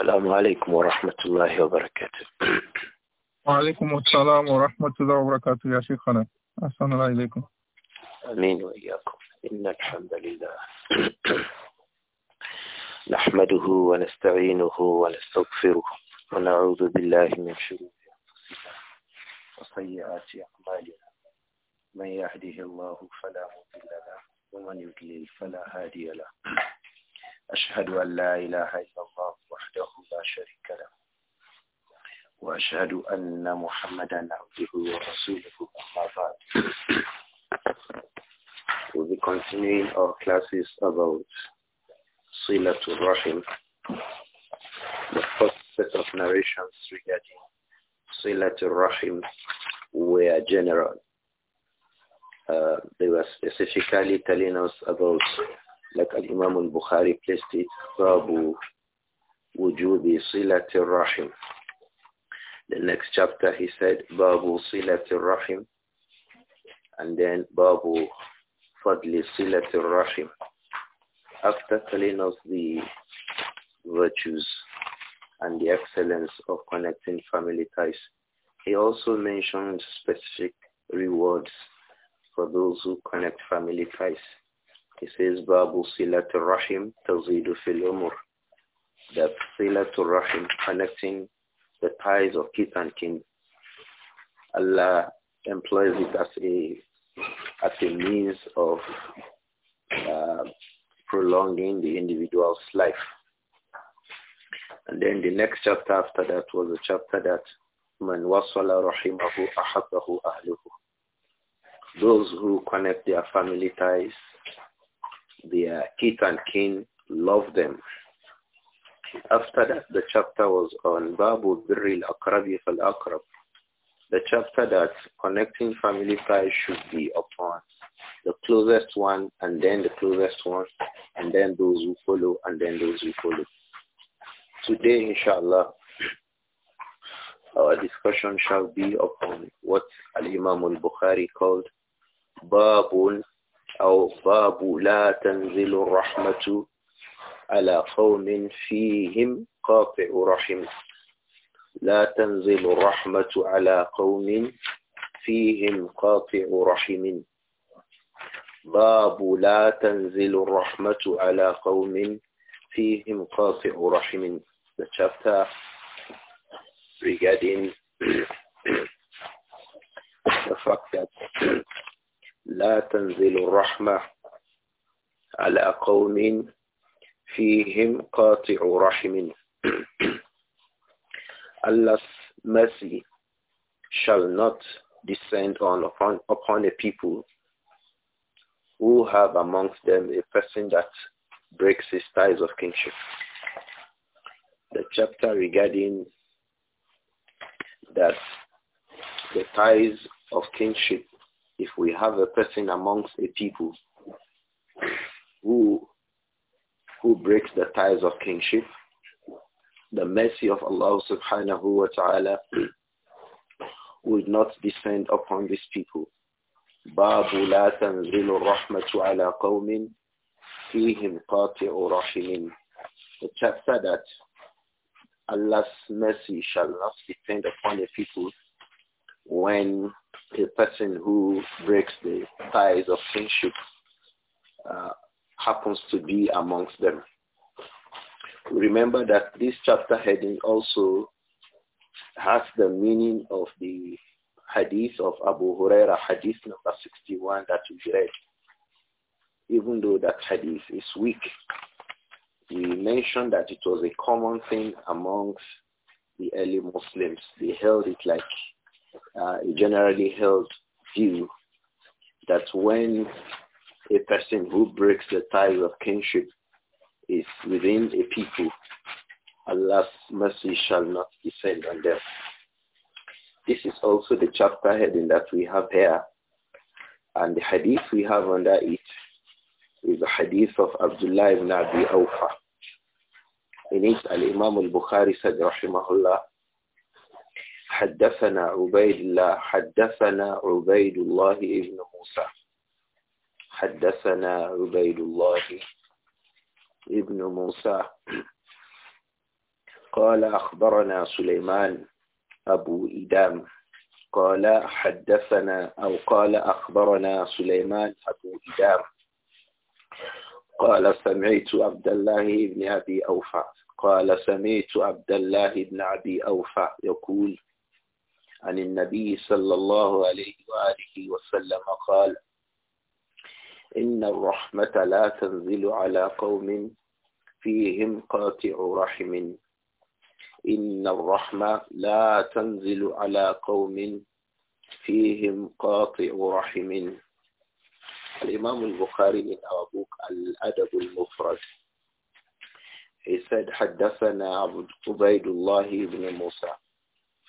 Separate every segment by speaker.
Speaker 1: السلام عليكم ورحمة الله وبركاته وعليكم السلام ورحمة الله وبركاته يا شيخنا أحسن الله إليكم أمين وإياكم إن الحمد لله نحمده ونستعينه ونستغفره ونعوذ بالله من شرور أنفسنا وسيئات أعمالنا من يهده الله فلا مضل له ومن يضلل فلا هادي له أشهد أن لا إله إلا الله وحده لا شريك له وأشهد أن محمدا عبده ورسوله أما بعد We'll be continuing our classes about Silatul Rahim, the first set of narrations regarding Silatul Rahim were general. Uh, they were specifically telling us about like Al-Imam al-Bukhari placed it, Babu wujudi Silatir Rahim. The next chapter he said, Babu Silatir Rahim. And then Babu Fadli Silatir Rahim. After telling us the virtues and the excellence of connecting family ties, he also mentioned specific rewards for those who connect family ties. He says, Babu Silatul Rahim Tazidu Fil Umur. That Silatul Rahim connecting the ties of kith and kin. Allah employs it as a as a means of uh, prolonging the individual's life. And then the next chapter after that was a chapter that Man wasala rahimahu ahabbahu ahluhu. Those who connect their family ties their kith and kin love them. After that, the chapter was on Babu Birril Akrabi Fal Akrab. The chapter that connecting family ties should be upon the closest one and then the closest one and then those who follow and then those who follow. Today, inshallah, our discussion shall be upon what Al-Imam al-Bukhari called Babun أو باب لا تنزل الرحمة على قوم فيهم قاطع رحم لا تنزل الرحمة على قوم فيهم قاطع رحم باب لا تنزل الرحمة على قوم فيهم قاطع رحم The chapter regarding the fact that لا تنزل الرحمة على قوم فيهم قاطع رحم Allah's mercy shall not descend on upon, upon a people who have amongst them a person that breaks his ties of kinship. The chapter regarding that the ties of kinship if we have a person amongst a people who who breaks the ties of kingship, the mercy of Allah subhanahu wa ta'ala will not descend upon these people. باب la tanzilu الرحمة على قوم فيهم قاطع رحم The chapter that Allah's mercy shall not descend upon the people when a person who breaks the ties of kinship uh, happens to be amongst them. Remember that this chapter heading also has the meaning of the hadith of Abu Huraira, hadith number 61 that we read. Even though that hadith is weak, we mentioned that it was a common thing amongst the early Muslims. They held it like uh, generally held view that when a person who breaks the ties of kinship is within a people, Allah's mercy shall not descend on them. This is also the chapter heading that we have here. And the hadith we have under it is the hadith of Abdullah ibn Abi Awfa. In it, Al-Imam al-Bukhari said, Rahimahullah, حدثنا عبيد الله حدثنا عبيد الله ابن موسى حدثنا عبيد الله ابن موسى قال أخبرنا سليمان أبو إدام قال حدثنا أو قال أخبرنا سليمان أبو إدام قال سمعت عبد الله بن أبي أوفى قال سمعت عبد الله بن أبي أوفى يقول عن النبي صلى الله عليه وآله وسلم قال إن الرحمة لا تنزل على قوم فيهم قاطع رحم إن الرحمة لا تنزل على قوم فيهم قاطع رحم الإمام البخاري من أبوك الأدب المفرد he said حدثنا عبد عبيد الله بن موسى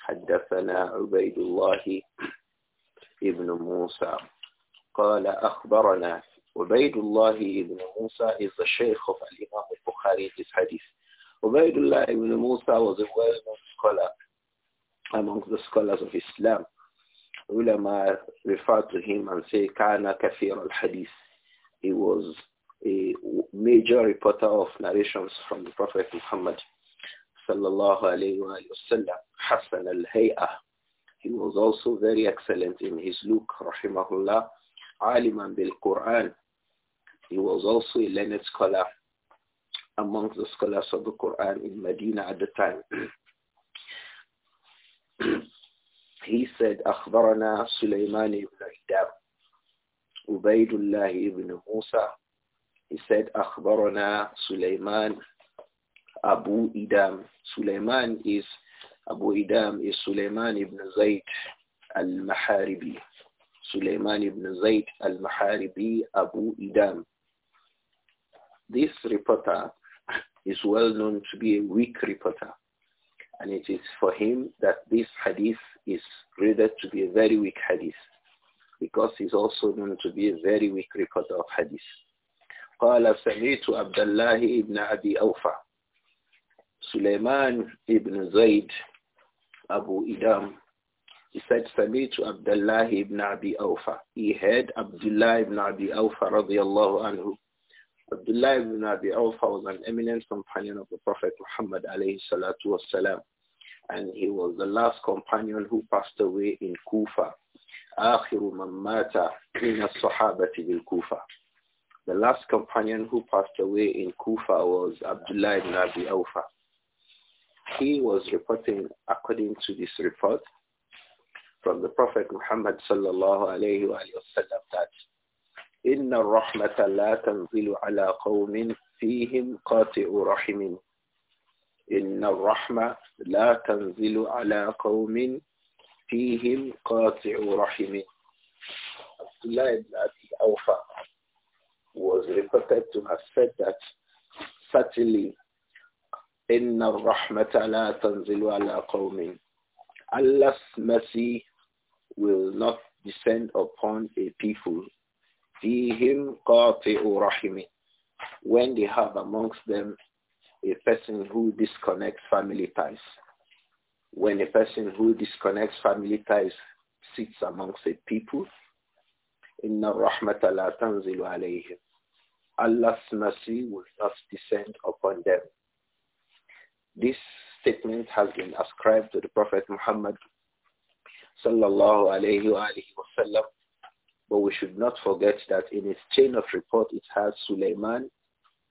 Speaker 1: حدثنا عبيد الله ابن موسى قال أخبرنا عبيد الله ابن موسى is the Shaykh of Imam al-Bukhari in his hadith. Ubaidullah ibn was a well-known scholar among the scholars of Islam. علماء refer to him and say, كان كثير الحديث He was a major reporter of narrations from the Prophet Muhammad sallallahu alayhi wa sallam, Hassan al He was also very excellent in his look, rahimahullah, aliman bil-Quran. He was also a learned scholar amongst the scholars of the Quran in Medina at the time. he said, أخبرنا سليمان ibn Hidab, Ubaydullah ibn Musa. He said, أخبرنا سليمان Abu Idam. Suleiman is Abu Idam is Suleiman ibn Zayd al-Maharibi. Suleiman ibn Zayd al-Maharibi Abu Idam. This reporter is well known to be a weak reporter. And it is for him that this hadith is rated to be a very weak hadith because he's also known to be a very weak reporter of hadith. قال سمعت عبد الله بن أبي أوفى Suleiman ibn Zayd Abu Idam, he said, Samitu Abdullah ibn Abi Awfa. He heard Abdullah ibn Abi Awfa radiallahu anhu. Abdullah ibn Abi Awfa was an eminent companion of the Prophet Muhammad alayhi salatu wasalam. And he was the last companion who passed away in Kufa. آخر من مات من الصحابة بالكوفة. The last companion who passed away in Kufa was Abdullah ibn Abi Awfa. He was reporting according to this report from the Prophet Muhammad sallallahu alayhi wa sallam that إِنَّ الرَّحْمَةَ لَا تَنْزِلُ عَلَىٰ قَوْمٍ فِيهِمْ قَاطِعُ رَحِمٍ إِنَّ الرَّحْمَةَ لَا تَنْزِلُ عَلَىٰ قَوْمٍ فِيهِمْ قَاطِعُ رَحِمٍ Abdullah ibn Abi Awfa was reported to have said that certainly إن الرحمة لا تنزل على قوم Allah's mercy will not descend upon a people فيهم قاطع رحم when they have amongst them a person who disconnects family ties. When a person who disconnects family ties sits amongst a people, إِنَّ الرَّحْمَةَ لَا تَنْزِلُ عَلَيْهِمْ Allah's mercy will not descend upon them. This statement has been ascribed to the Prophet Muhammad sallallahu alayhi wa wasallam. But we should not forget that in its chain of report it has Sulaiman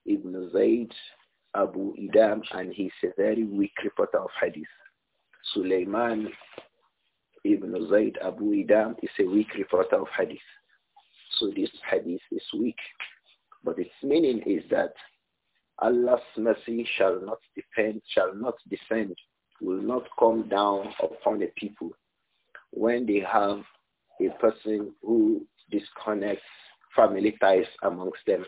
Speaker 1: ibn Zayd Abu Idam and he's a very weak reporter of hadith. Sulaiman ibn Zayd Abu Idam is a weak reporter of hadith. So this hadith is weak. But its meaning is that Allah's mercy shall not depend, shall not descend, will not come down upon a people when they have a person who disconnects family ties amongst them.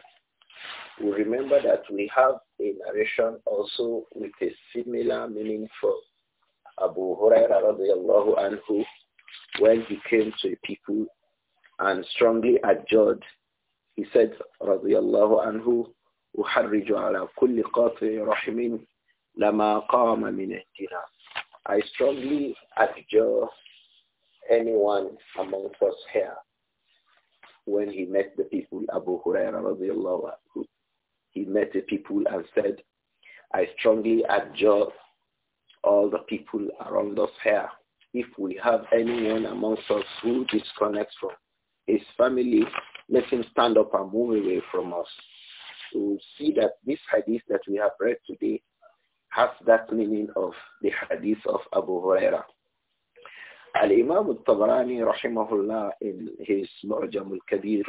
Speaker 1: We remember that we have a narration also with a similar meaning for Abu Hurairah radiallahu anhu when he came to the people and strongly adjured. He said radiallahu anhu أحرج على كل قاطع رحم لما قام من I strongly adjure anyone among us here when he met the people Abu Huraira radiallahu anhu. He met the people and said, I strongly adjure all the people around us here. If we have anyone amongst us who disconnects from his family, let him stand up and move away from us to see that this hadith that we have read today has that meaning of the hadith of Abu Huraira. Al-Imam al rahimahullah in his Mu'jam al-Kabir,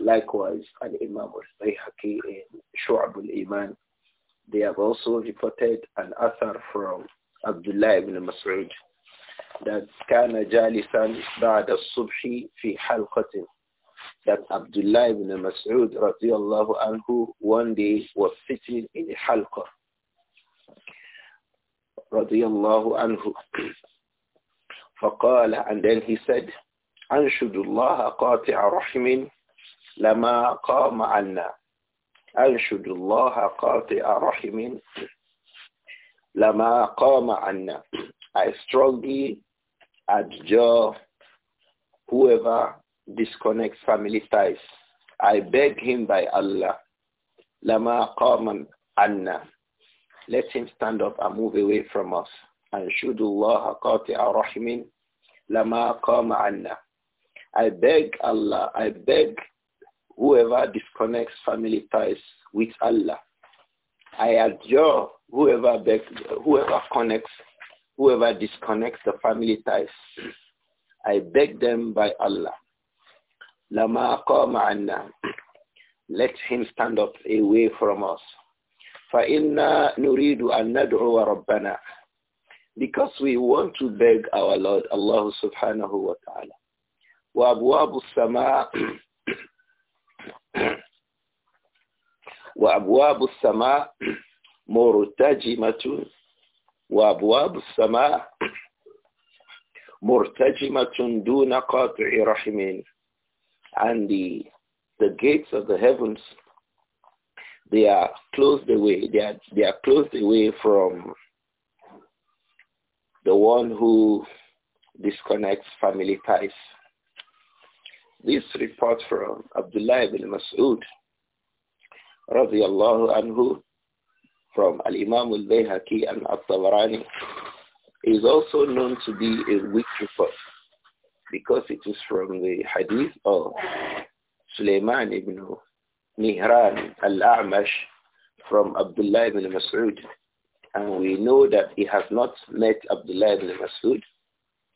Speaker 1: likewise Al-Imam al-Bayhaqi in Shu'ab al-Iman, they have also reported an author from Abdullah ibn Mas'ud that كان جالسا بعد الصبح في حلقة that Abdullah ibn Mas'ud radiallahu anhu one day was sitting in a halqa radiallahu anhu فقال and then he said أنشد الله قاطع رحم لما قام عنا أنشد الله قاطع رحم لما قام عنا I strongly adjure whoever disconnect family ties. I beg him by Allah, lama qaman anna. Let him stand up and move away from us. And shudullah qati'a rahimin lama qama anna. I beg Allah, I beg whoever disconnects family ties with Allah. I adjure whoever whoever connects, whoever disconnects the family ties. I beg them by Allah. لما قام عنا let him stand up away from us فإنا نريد أن ندعو ربنا because we want to beg our Lord Allah subhanahu wa ta'ala وأبواب السماء وأبواب السماء مرتجمة وأبواب السماء مرتجمة دون قاطع رحمين and the, the gates of the heavens, they are closed away. They are, they are closed away from the one who disconnects family ties. This report from Abdullah ibn Mas'ud, radiallahu anhu, from Al-Imam al-Bayhaqi and Al-Tabarani, is also known to be a weak report because it is from the hadith of Sulaiman ibn Mihran al-A'mash from Abdullah ibn Mas'ud. And we know that he has not met Abdullah ibn Mas'ud.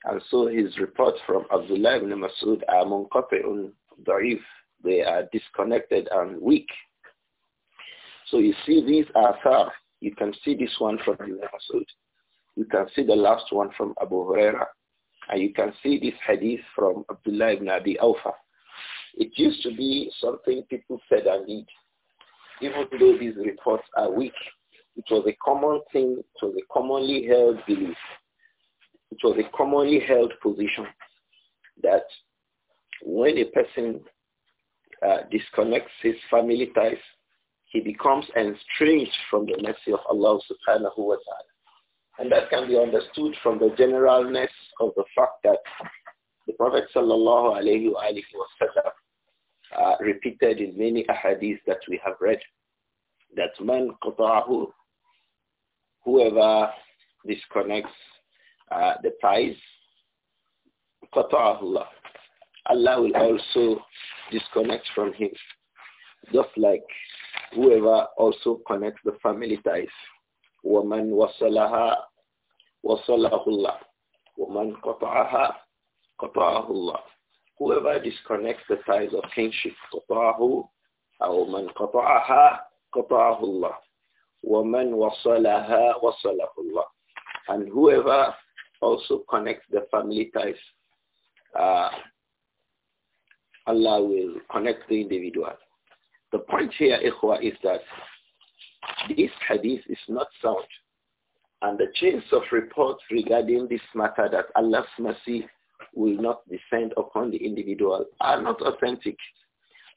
Speaker 1: And so his reports from Abdullah ibn Mas'ud are munqati'un da'if. They are disconnected and weak. So you see these are You can see this one from Ibn Mas'ud. You can see the last one from Abu Huraira. And you can see this hadith from Abdullah ibn Abi Awfa. It used to be something people said and did. Even though these reports are weak, it was a common thing, it was a commonly held belief. It was a commonly held position that when a person uh, disconnects his family ties, he becomes estranged from the mercy of Allah subhanahu wa ta'ala. And that can be understood from the generalness of the fact that the Prophet sallallahu alayhi wa uh, repeated in many ahadith that we have read that man qata'ahu, whoever disconnects uh, the ties, qata'ahullah. Allah will also disconnect from him, just like whoever also connects the family ties, ومن وصلها وصله الله ومن قطعها قطعه الله Whoever disconnects the ties of kinship, قطعه أو من قطعها قطعه الله ومن وصلها وصله الله And whoever also connects the family ties, uh, Allah will connect the individual. The point here, إخوة, is that this hadith is not sound. And the chains of reports regarding this matter that Allah's mercy will not descend upon the individual are not authentic.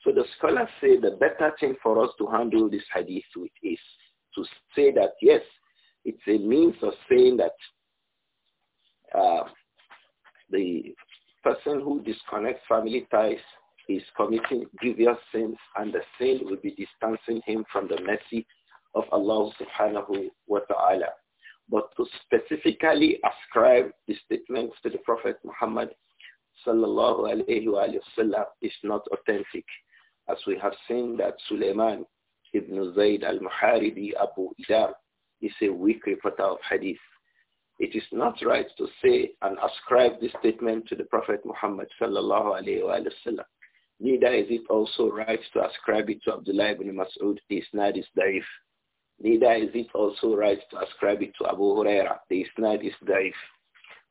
Speaker 1: So the scholars say the better thing for us to handle this hadith with is to say that yes, it's a means of saying that uh, the person who disconnects family ties is committing grievous sins and the sin will be distancing him from the mercy of Allah subhanahu wa ta'ala. But to specifically ascribe the statements to the Prophet Muhammad sallallahu alayhi wa sallam is not authentic. As we have seen that Suleiman ibn Zayd al-Muharibi Abu Idam is a weak reporter of hadith. It is not right to say and ascribe this statement to the Prophet Muhammad sallallahu alayhi wa sallam. Neither is it also right to ascribe it to Abdullah ibn Mas'ud. His isnad is da'if. Neither is it also right to ascribe it to Abu Huraira. The isnad is daif.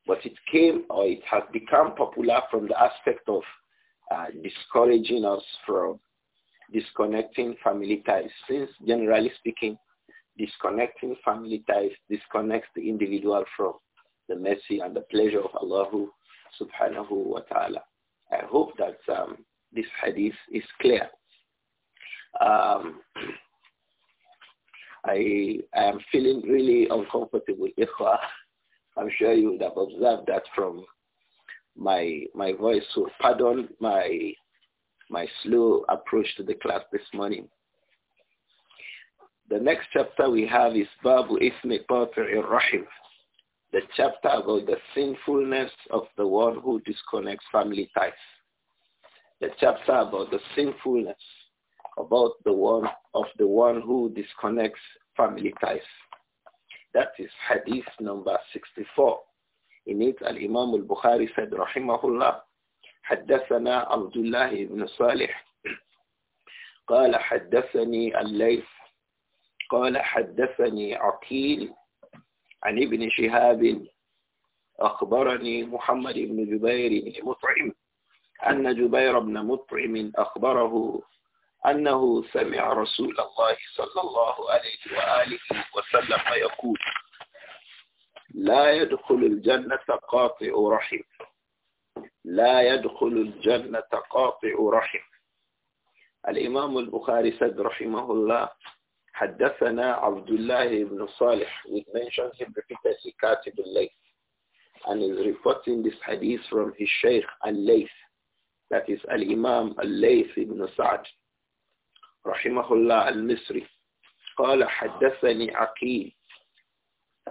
Speaker 1: But it came or it has become popular from the aspect of uh, discouraging us from disconnecting family ties. Since generally speaking, disconnecting family ties disconnects the individual from the mercy and the pleasure of Allah subhanahu wa ta'ala. I hope that um, this hadith is clear. Um, I, am feeling really uncomfortable. I'm sure you would have observed that from my my voice. So pardon my my slow approach to the class this morning. The next chapter we have is Babu Ismi Rahim, the chapter about the sinfulness of the one who disconnects family ties. The chapter about the sinfulness about the one of the one who disconnects family ties. That is hadith number 64. In it, Al-Imam al-Bukhari said, Rahimahullah, حدثنا عبد الله بن صالح قال حدثني الليث قال حدثني عقيل عن ابن شهاب أخبرني محمد بن جبير بن أن جبير بن مطعم أخبره أنه سمع رسول الله صلى الله عليه وآله وسلم يقول لا يدخل الجنة قاطع رحم لا يدخل الجنة قاطع رحم الإمام البخاري سد رحمه الله حدثنا عبد الله بن صالح with mentions him repeatedly كاتب الليث and is reporting this hadith from his sheikh al-Layth that is al-Imam al-Layth ibn Sa'd رحمه الله المصري قال حدثني عقيل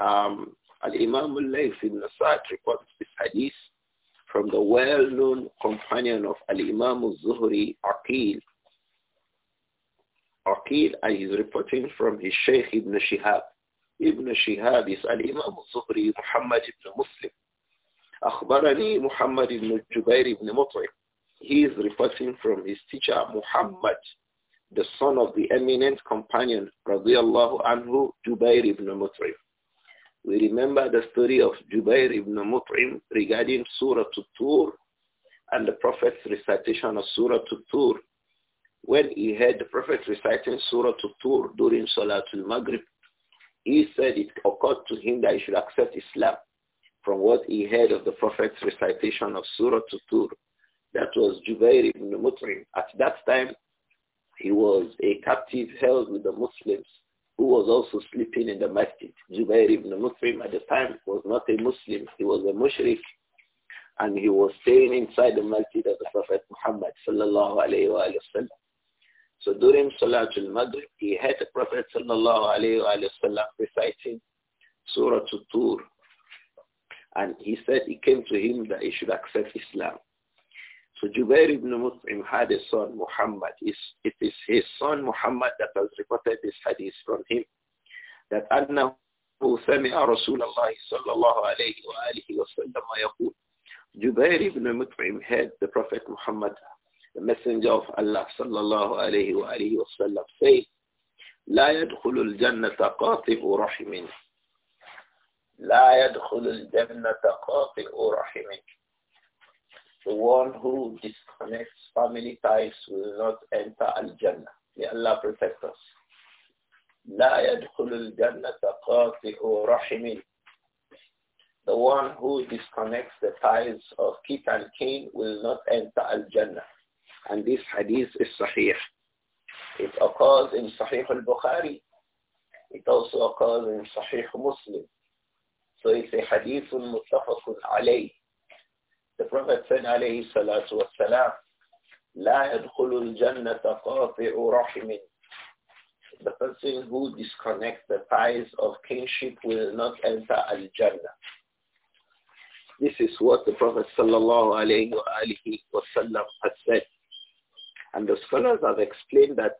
Speaker 1: um, الإمام الليث بن سعد reports this hadith from the well-known companion of الإمام imam عقيل عقيل and he's reporting from his Sheikh Ibn Shihab. Ibn Shihab is الإمام imam محمد بن مسلم ibn Muslim. أخبرني محمد بن جبير بن مطعم. He is reporting from his teacher Muhammad the son of the eminent companion, radiallahu anhu, Jubair ibn Mut'im. We remember the story of Jubair ibn Mut'im regarding Surah Tur and the Prophet's recitation of Surah Tur. When he heard the Prophet reciting Surah Tur during Salatul Maghrib, he said it occurred to him that he should accept Islam from what he heard of the Prophet's recitation of Surah Tur. That was Jubair ibn Mut'im. At that time, he was a captive held with the Muslims who was also sleeping in the masjid. Zubair ibn Muslim at the time was not a Muslim. He was a mushrik and he was staying inside the masjid of the Prophet Muhammad sallallahu alayhi wa sallam. So during Salatul Maghrib, he had the Prophet sallallahu alayhi wa sallam reciting Surah Tur. And he said it came to him that he should accept Islam. So Jubair ibn Mut'im had a son, Muhammad. it is his son, Muhammad, that has reported this hadith from him. That أنه سمع رسول الله صلى الله عليه وآله وسلم يقول Jubair ibn Mut'im heard the Prophet Muhammad, the messenger of Allah صلى الله عليه وآله وسلم say, لا يدخل الجنة قاطع رحم لا يدخل الجنة قاطع رحمك The one who disconnects family ties will not enter Al-Jannah. May Allah protect us. لا يدخل الجنة the one who disconnects the ties of kith and kin will not enter al-Jannah. And this hadith is sahih. It occurs in Sahih al-Bukhari. It also occurs in Sahih Muslim. So it's a hadith muttafaqun alayh. The Prophet said, alayhi salatu wassalam, the person who disconnects the ties of kinship will not enter al-Jannah. This is what the Prophet sallallahu has said. And the scholars have explained that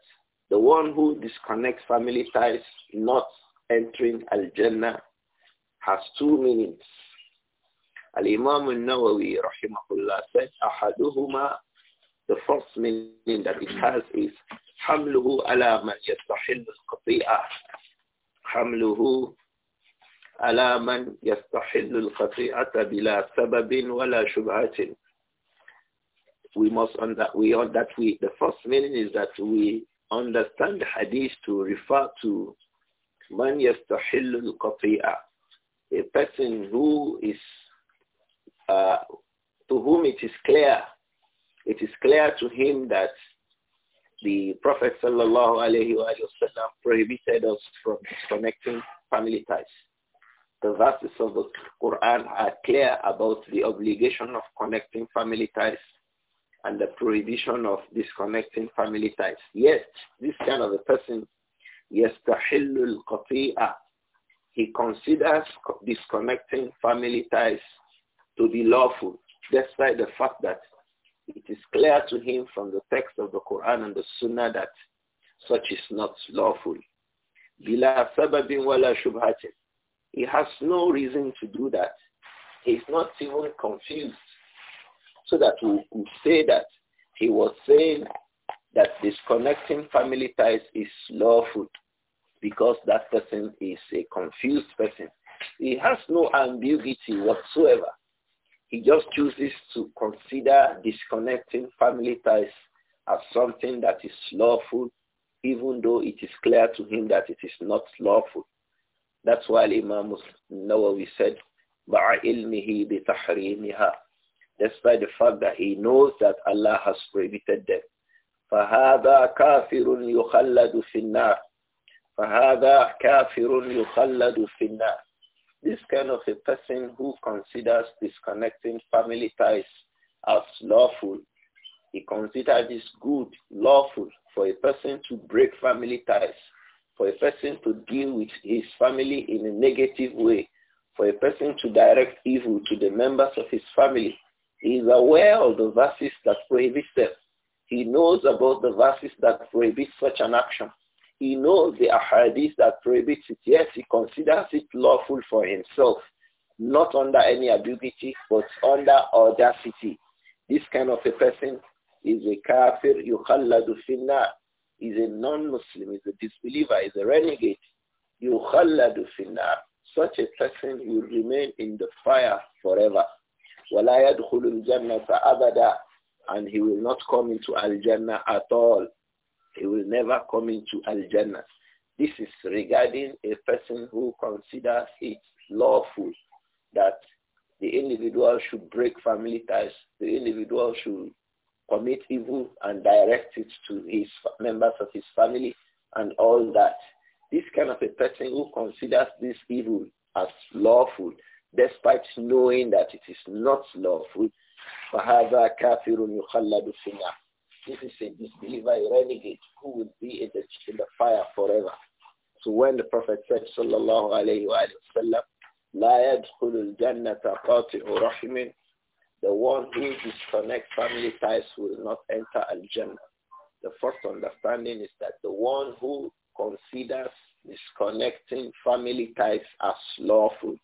Speaker 1: the one who disconnects family ties not entering al-Jannah has two meanings. Al-Imam al-Nawawi rahimahullah said, the first meaning that it has is حمله على من يستحل القطيئة حمله على من يستحل القطيئة بلا سبب ولا شبهة we must understand we on that we the first meaning is that we understand the hadith to refer to man yastahillu al a person who is to whom it is clear, it is clear to him that the Prophet sallallahu alaihi wasallam prohibited us from disconnecting family ties. The verses of the Quran are clear about the obligation of connecting family ties and the prohibition of disconnecting family ties. Yet, this kind of a person, يستحل القطيئة. He considers disconnecting family ties to be lawful, despite the fact that it is clear to him from the text of the Quran and the Sunnah that such is not lawful. sababin He has no reason to do that. He's not even confused. So that we could say that he was saying that disconnecting family ties is lawful because that person is a confused person. He has no ambiguity whatsoever. He just chooses to consider disconnecting family ties as something that is lawful, even though it is clear to him that it is not lawful. That's why Imam Nawawi said, بِعِلْمِهِ بِتَحْرِيمِهَا Despite the fact that he knows that Allah has prohibited them. فَهَذَا كَافِرٌ يُخَلَّدُ فِي النَّارِ فَهَذَا كَافِرٌ يُخَلَّدُ فِي النَّارِ this kind of a person who considers disconnecting family ties as lawful, he considers this good, lawful for a person to break family ties, for a person to deal with his family in a negative way, for a person to direct evil to the members of his family. He is aware of the verses that prohibit them. He knows about the verses that prohibit such an action. He knows the ahadith that prohibits it. Yes, he considers it lawful for himself, not under any ambiguity, but under audacity. This kind of a person is a kafir, yukhalladu finna, is a non-Muslim, is a disbeliever, is a renegade. Yukhalladu finna. Such a person will remain in the fire forever. وَلَا يَدْخُلُ And he will not come into Al-Jannah at all. He will never come into Al-Jannah. This is regarding a person who considers it lawful that the individual should break family ties, the individual should commit evil and direct it to his members of his family and all that. This kind of a person who considers this evil as lawful, despite knowing that it is not lawful, فَهَذَا كَافِرٌ يُخَلَّدُ فِي this is a disbeliever, a renegade who will be in the, in the fire forever. So when the Prophet said, sallallahu alayhi wasallam, لا يدخل الجنة قاطع The one who disconnects family ties will not enter al-Jannah. The first understanding is that the one who considers disconnecting family ties as lawful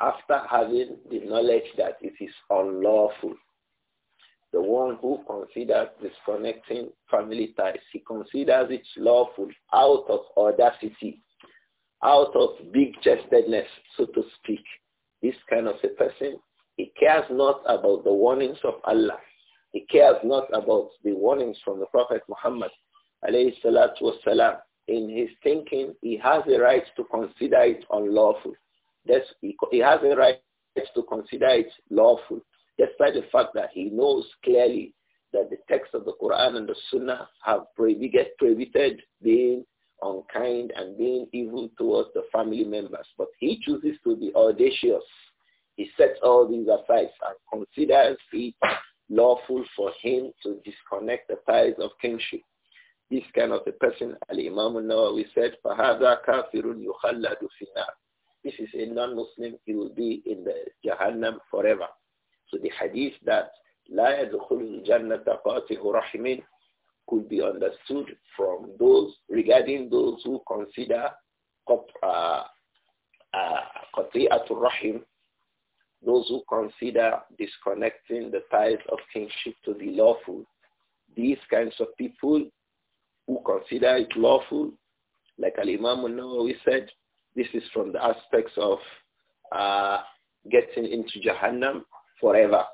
Speaker 1: after having the knowledge that it is unlawful the one who considers disconnecting family ties, he considers it lawful out of audacity, out of big-chestedness, so to speak. This kind of a person, he cares not about the warnings of Allah. He cares not about the warnings from the Prophet Muhammad in his thinking, he has a right to consider it unlawful. That's, he, he has a right to consider it lawful despite the fact that he knows clearly that the text of the Quran and the Sunnah have prohibited, prohibited being unkind and being evil towards the family members. But he chooses to be audacious. He sets all these aside and considers it lawful for him to disconnect the ties of kinship. This kind of a person, Ali imam al-Nawawi said, فَهَذَا كَافِرٌ يُخَلَّدُ فِي This is a non-Muslim. He will be in the Jahannam forever. So the hadith that لا يدخل الجنة قاطع رحم could be understood from those regarding those who consider uh, uh rahim, those who consider disconnecting the ties of kinship to the lawful, these kinds of people who consider it lawful, like Al-Imam al said, this is from the aspects of uh, getting into Jahannam forever.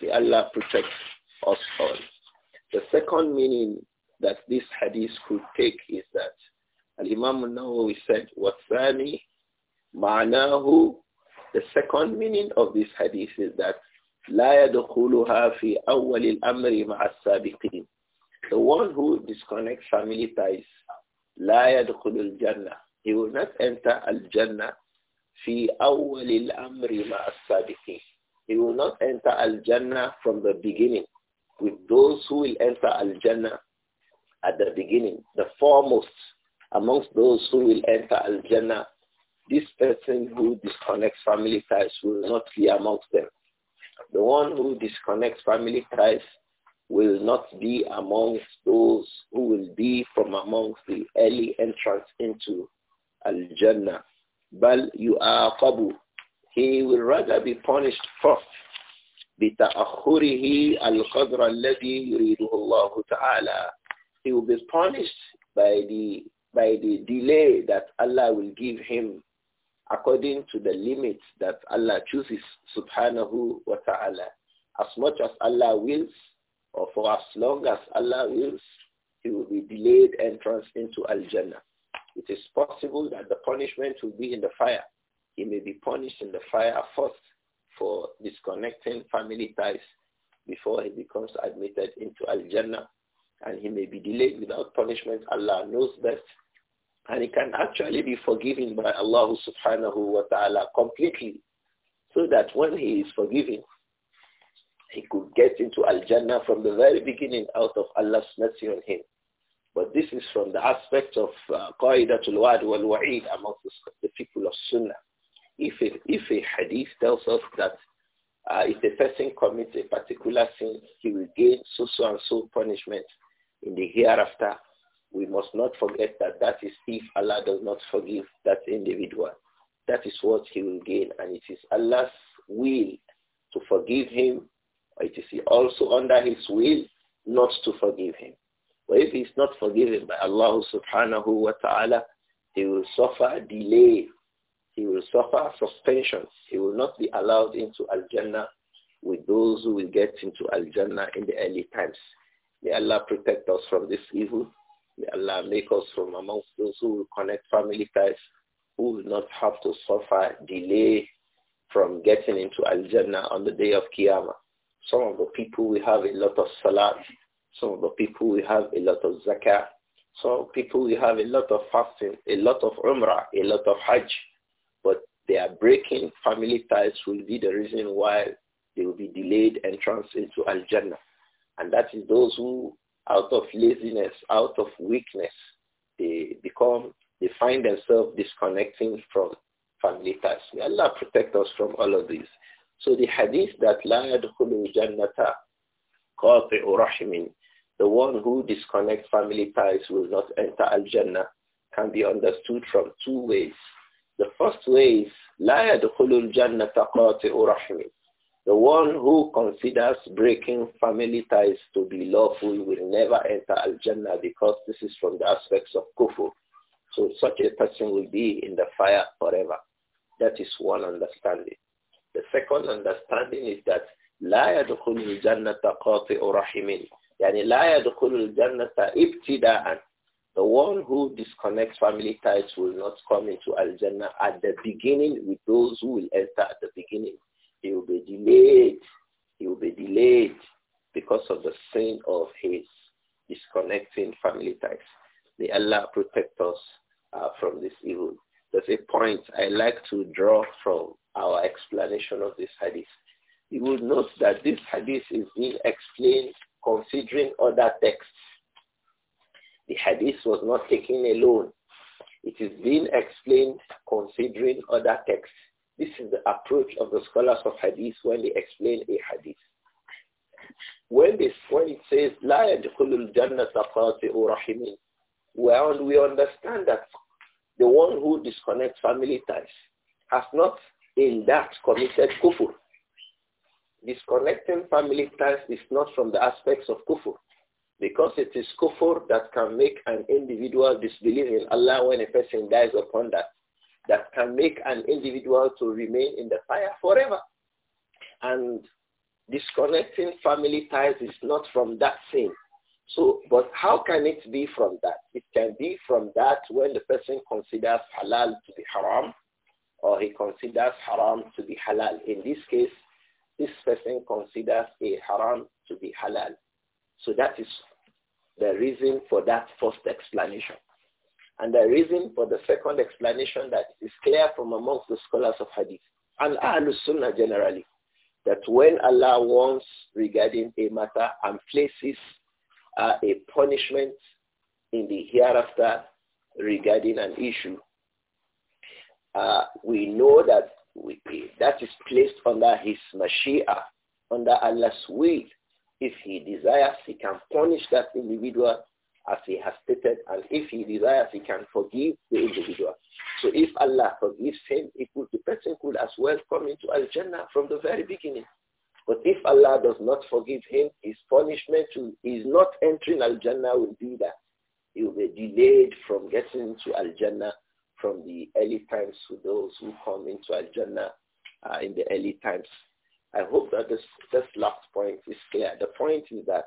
Speaker 1: May Allah protect us all. The second meaning that this hadith could take is that Al-Imam Nawawi said, وَالثَّانِي ma'nahu." The second meaning of this hadith is that لَا يَدْخُلُهَا فِي أَوَّلِ amri مَعَ السَّابِقِينَ The one who disconnects family ties, لَا يَدْخُلُ الْجَنَّةِ He will not enter Al-Jannah فِي أَوَّلِ الْأَمْرِ مَعَ السَّابِقِينَ he will not enter Al-Jannah from the beginning with those who will enter Al-Jannah at the beginning, the foremost amongst those who will enter Al-Jannah, this person who disconnects family ties will not be amongst them. The one who disconnects family ties will not be amongst those who will be from amongst the early entrants into Al-Jannah. بل يعاقب he will rather be punished first بتأخره القدر الذي يريده الله تعالى. He will be punished by the by the delay that Allah will give him according to the limits that Allah chooses subhanahu wa ta'ala. As much as Allah wills or for as long as Allah wills, he will be delayed entrance into Al-Jannah. It is possible that the punishment will be in the fire he may be punished in the fire first for disconnecting family ties before he becomes admitted into Al-Jannah. And he may be delayed without punishment. Allah knows best. And he can actually be forgiven by Allah subhanahu wa ta'ala completely. So that when he is forgiven, he could get into Al-Jannah from the very beginning out of Allah's mercy on him. But this is from the aspect of uh, Qaidatul uh, Wad wal Wa'id amongst the people of Sunnah if a, if a hadith tells us that uh, if a person commits a particular sin, he will gain so, so and so punishment in the hereafter, we must not forget that that is if Allah does not forgive that individual. That is what he will gain. And it is Allah's will to forgive him. It is also under his will not to forgive him. But if he is not forgiven by Allah subhanahu wa ta'ala, he will suffer delay he will suffer suspensions. He will not be allowed into Al-Jannah with those who will get into Al-Jannah in the early times. May Allah protect us from this evil. May Allah make us from amongst those who will connect family ties, who will not have to suffer delay from getting into Al-Jannah on the day of Qiyamah. Some of the people will have a lot of salat. Some of the people will have a lot of zakah. Some people will have a lot of fasting, a lot of umrah, a lot of hajj. But their breaking family ties will be the reason why they will be delayed entrance into Al-Jannah. And that is those who, out of laziness, out of weakness, they become, they find themselves disconnecting from family ties. May Allah protect us from all of these. So the hadith that la يدخل الجنة al rahimin, the one who disconnects family ties will not enter Al-Jannah can be understood from two ways. The first way is لا يدخل الجنة قاطع رحم. The one who considers breaking family ties to be lawful will never enter Al-Jannah because this is from the aspects of kufr. So such a person will be in the fire forever. That is one understanding. The second understanding is that لا يدخل الجنة قاطع رحم. يعني لا يدخل الجنة ابتداء the one who disconnects family ties will not come into Al-Jannah at the beginning with those who will enter at the beginning. He will be delayed. He will be delayed because of the sin of his disconnecting family ties. May Allah protect us uh, from this evil. There's a point I like to draw from our explanation of this hadith. You will note that this hadith is being explained considering other texts the hadith was not taken alone. It is being explained considering other texts. This is the approach of the scholars of hadith when they explain a hadith. When, they, when it says, لا يدخل الجنة رحمين, well, we understand that the one who disconnects family ties has not in that committed kufur. Disconnecting family ties is not from the aspects of kufur. Because it is kufr that can make an individual disbelieve in Allah when a person dies upon that. That can make an individual to remain in the fire forever. And disconnecting family ties is not from that sin. So, but how can it be from that? It can be from that when the person considers halal to be haram or he considers haram to be halal. In this case, this person considers a haram to be halal. So that is the reason for that first explanation. And the reason for the second explanation that is clear from amongst the scholars of Hadith and Ahlul Sunnah generally, that when Allah warns regarding a matter and places uh, a punishment in the hereafter regarding an issue, uh, we know that we, that is placed under his mashia, under Allah's will. If he desires, he can punish that individual as he has stated, and if he desires, he can forgive the individual. So if Allah forgives him, it would, the person could as well come into Al-Jannah from the very beginning. But if Allah does not forgive him, his punishment is not entering Al-Jannah will be that he will be delayed from getting into Al-Jannah from the early times to those who come into Al-Jannah uh, in the early times I hope that this, this last point is clear. The point is that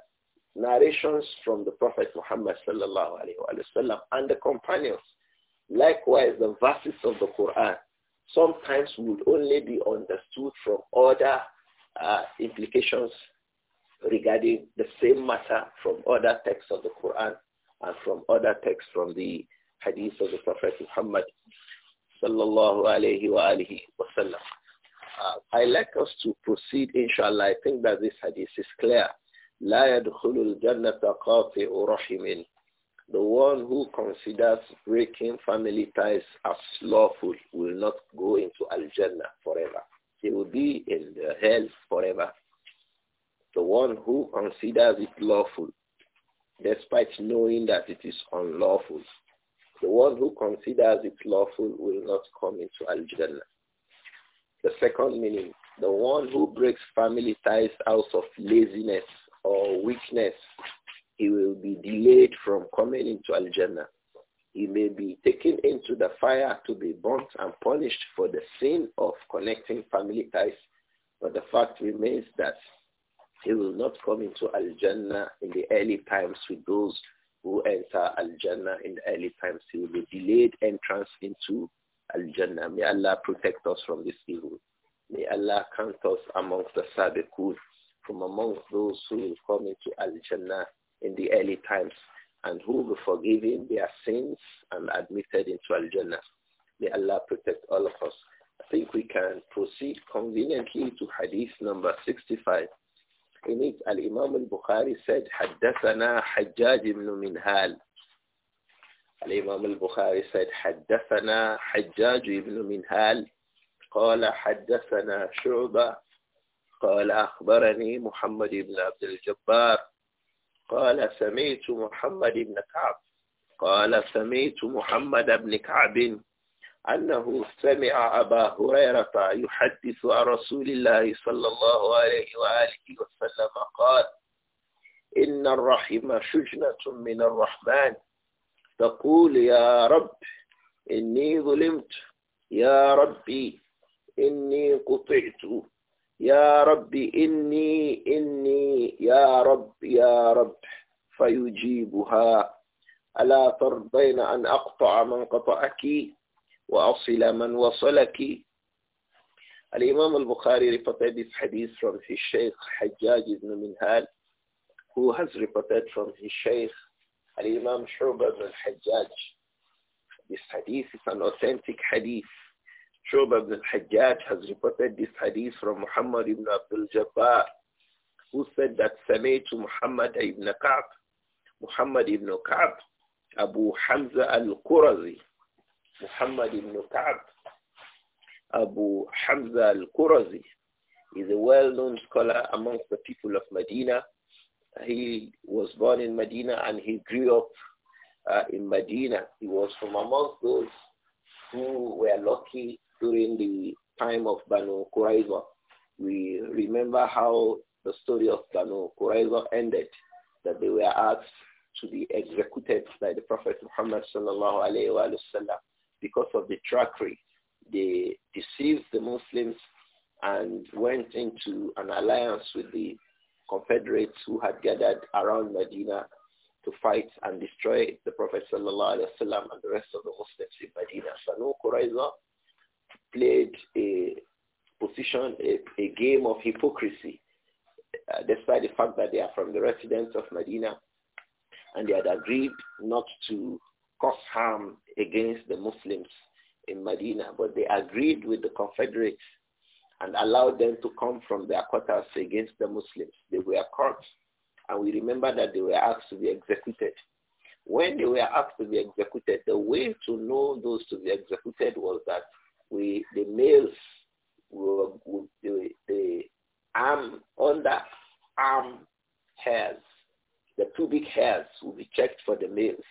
Speaker 1: narrations from the Prophet Muhammad sallallahu alaihi wasallam and the companions, likewise the verses of the Quran, sometimes would only be understood from other uh, implications regarding the same matter from other texts of the Quran and from other texts from the hadith of the Prophet Muhammad sallallahu alaihi wasallam. I like us to proceed, inshallah. I think that this hadith is clear. لا يدخل الجنة قاطع رحم the one who considers breaking family ties as lawful will not go into Al-Jannah forever. He will be in the hell forever. The one who considers it lawful, despite knowing that it is unlawful, the one who considers it lawful will not come into Al-Jannah. The second meaning, the one who breaks family ties out of laziness or weakness, he will be delayed from coming into Al-Jannah. He may be taken into the fire to be burnt and punished for the sin of connecting family ties. But the fact remains that he will not come into Al-Jannah in the early times with those who enter Al-Jannah in the early times. He will be delayed entrance into al-Jannah. May Allah protect us from this evil. May Allah count us amongst the Sabiqun, from amongst those who will come into al-Jannah in the early times and who will be forgiven their sins and admitted into al-Jannah. May Allah protect all of us. I think we can proceed conveniently to hadith number 65. In it, Al-Imam al-Bukhari said, حدثنا حجاج بن الإمام البخاري سيد حدثنا حجاج بن منهال قال حدثنا شعبة قال أخبرني محمد بن عبد الجبار قال سمعت محمد بن كعب قال سمعت محمد بن كعب أنه سمع أبا هريرة يحدث عن رسول الله صلى الله عليه وآله وسلم قال إن الرحم شجنة من الرحمن تقول يا رب إني ظلمت يا ربي إني قطعت يا ربي إني إني يا رب يا رب فيجيبها ألا ترضين أن أقطع من قطعك وأصل من وصلك الإمام البخاري رفت هذا hadith from الشيخ حجاج بن منهال هو هز has reported الشيخ Al-Imam Shubab al-Hajjaj. This hadith is an authentic hadith. Shubab al-Hajjaj has reported this hadith from Muhammad ibn Abdul Jabbar, who said that Samay to Muhammad ibn Ka'b, Muhammad ibn Ka'b, Abu Hamza al-Qurazi, Muhammad ibn Ka'b, Abu Hamza al-Qurazi, is a well-known scholar amongst the people of Medina he was born in Medina and he grew up uh, in Medina. He was from amongst those who were lucky during the time of Banu Quraiza. We remember how the story of Banu Quraiza ended, that they were asked to be executed by the Prophet Muhammad sallallahu alayhi wa sallam because of the trickery. They deceived the Muslims and went into an alliance with the confederates who had gathered around Medina to fight and destroy the Prophet sallallahu and the rest of the Muslims in Medina. Sanu Quraiza played a position, a, a game of hypocrisy, uh, despite the fact that they are from the residents of Medina and they had agreed not to cause harm against the Muslims in Medina, but they agreed with the Confederates and allowed them to come from their quarters against the Muslims. They were caught, and we remember that they were asked to be executed. When they were asked to be executed, the way to know those to be executed was that we, the males were, were the, the arm, under arm hairs, the pubic hairs would be checked for the males.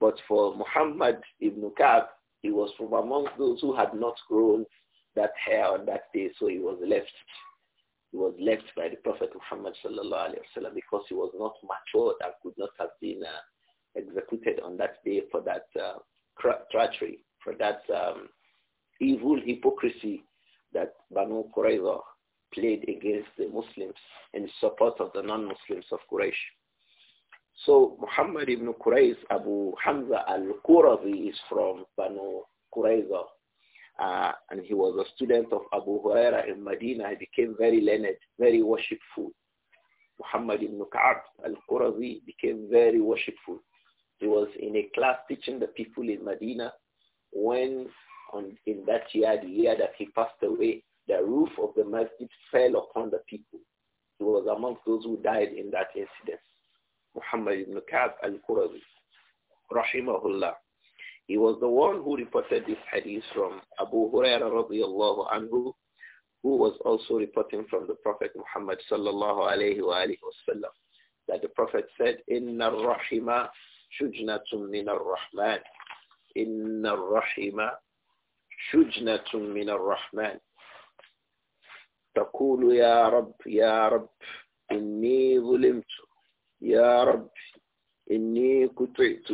Speaker 1: But for Muhammad ibn Ka'b, he was from among those who had not grown that hair on that day, so he was left. He was left by the Prophet Muhammad sallallahu alaihi wasallam because he was not mature. That could not have been uh, executed on that day for that uh, treachery, for that um, evil hypocrisy that Banu Qurayza played against the Muslims in support of the non-Muslims of Quraysh. So Muhammad ibn Qurayz, Abu Hamza al-Qurazi is from Banu Qurayza uh, and he was a student of Abu Huraira in Medina. He became very learned, very worshipful. Muhammad ibn Ka'ab al-Qurazi became very worshipful. He was in a class teaching the people in Medina when on, in that year, the year that he passed away, the roof of the masjid fell upon the people. He was amongst those who died in that incident. Muhammad ibn Ka'ab al-Qurazi, rahimahullah. He was the one who reported this hadith from Abu Huraira radiallahu anhu, who was also reporting from the Prophet Muhammad sallallahu alayhi wa alayhi that the Prophet said, Inna rahima shujnatum min ar-Rahman. Inna rahima shujnatum min ar-Rahman. تقول يا رب يا رب إني ظلمت يا رب إني قطعت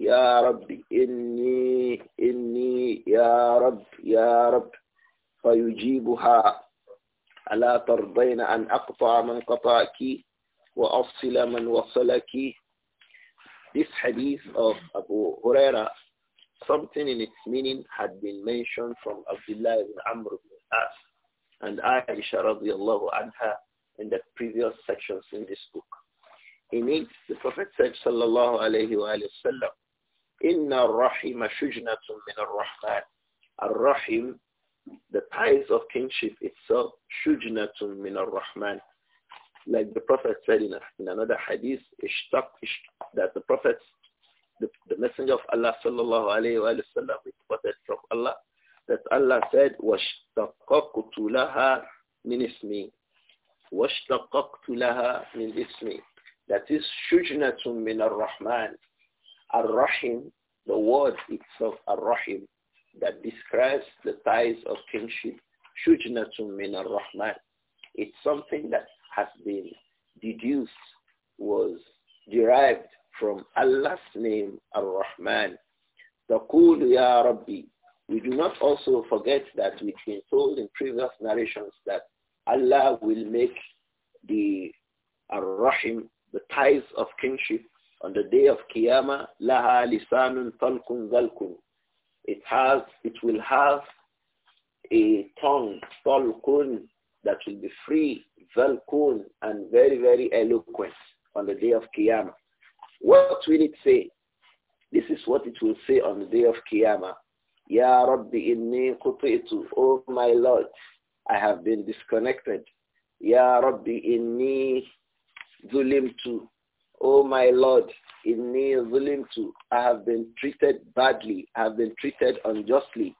Speaker 1: يا رب إني إني يا رب يا رب فيجيبها ألا ترضين أن أقطع من قطعك وأصل من وصلك This hadith of Abu Huraira, something in its meaning had been mentioned from Abdullah ibn Amr ibn As and Aisha radiallahu anha in the previous sections in this book. In it, the Prophet said, sallallahu alayhi wa sallam, إِنَّ الرَّحِمَ شُجْنَةٌ مِنَ ar الرحim, the ties of kinship itself, Shujnatum min ar-Rahman. Like the Prophet said in, in another hadith, ishtaq, that the Prophet, the, the Messenger of Allah sallallahu alayhi wa sallam reported from Allah, that Allah said, وَاشْتَقَقْتُ لَهَا مِنْ اسْمِي وَاشْتَقَقْتُ لَهَا مِنْ اسْمِي That is Shujnatum min ar-Rahman. Ar-Rahim, the word itself, Ar-Rahim, that describes the ties of kinship, Shujnatun min Ar-Rahman. It's something that has been deduced, was derived from Allah's name, Ar-Rahman. Taqulu Ya Rabbi. We do not also forget that we've been told in previous narrations that Allah will make the Ar-Rahim, the ties of kinship, on the day of Qiyamah, laha lisanun talqun zalkun. It has, it will have a tongue, talqun, that will be free, zalkun, and very, very eloquent on the day of Qiyamah. What will it say? This is what it will say on the day of Qiyamah. Ya Rabbi inni quti'tu, Oh my Lord, I have been disconnected. Ya Rabbi inni zulimtu, oh my Lord, in me willing to. I have been treated badly, I have been treated unjustly.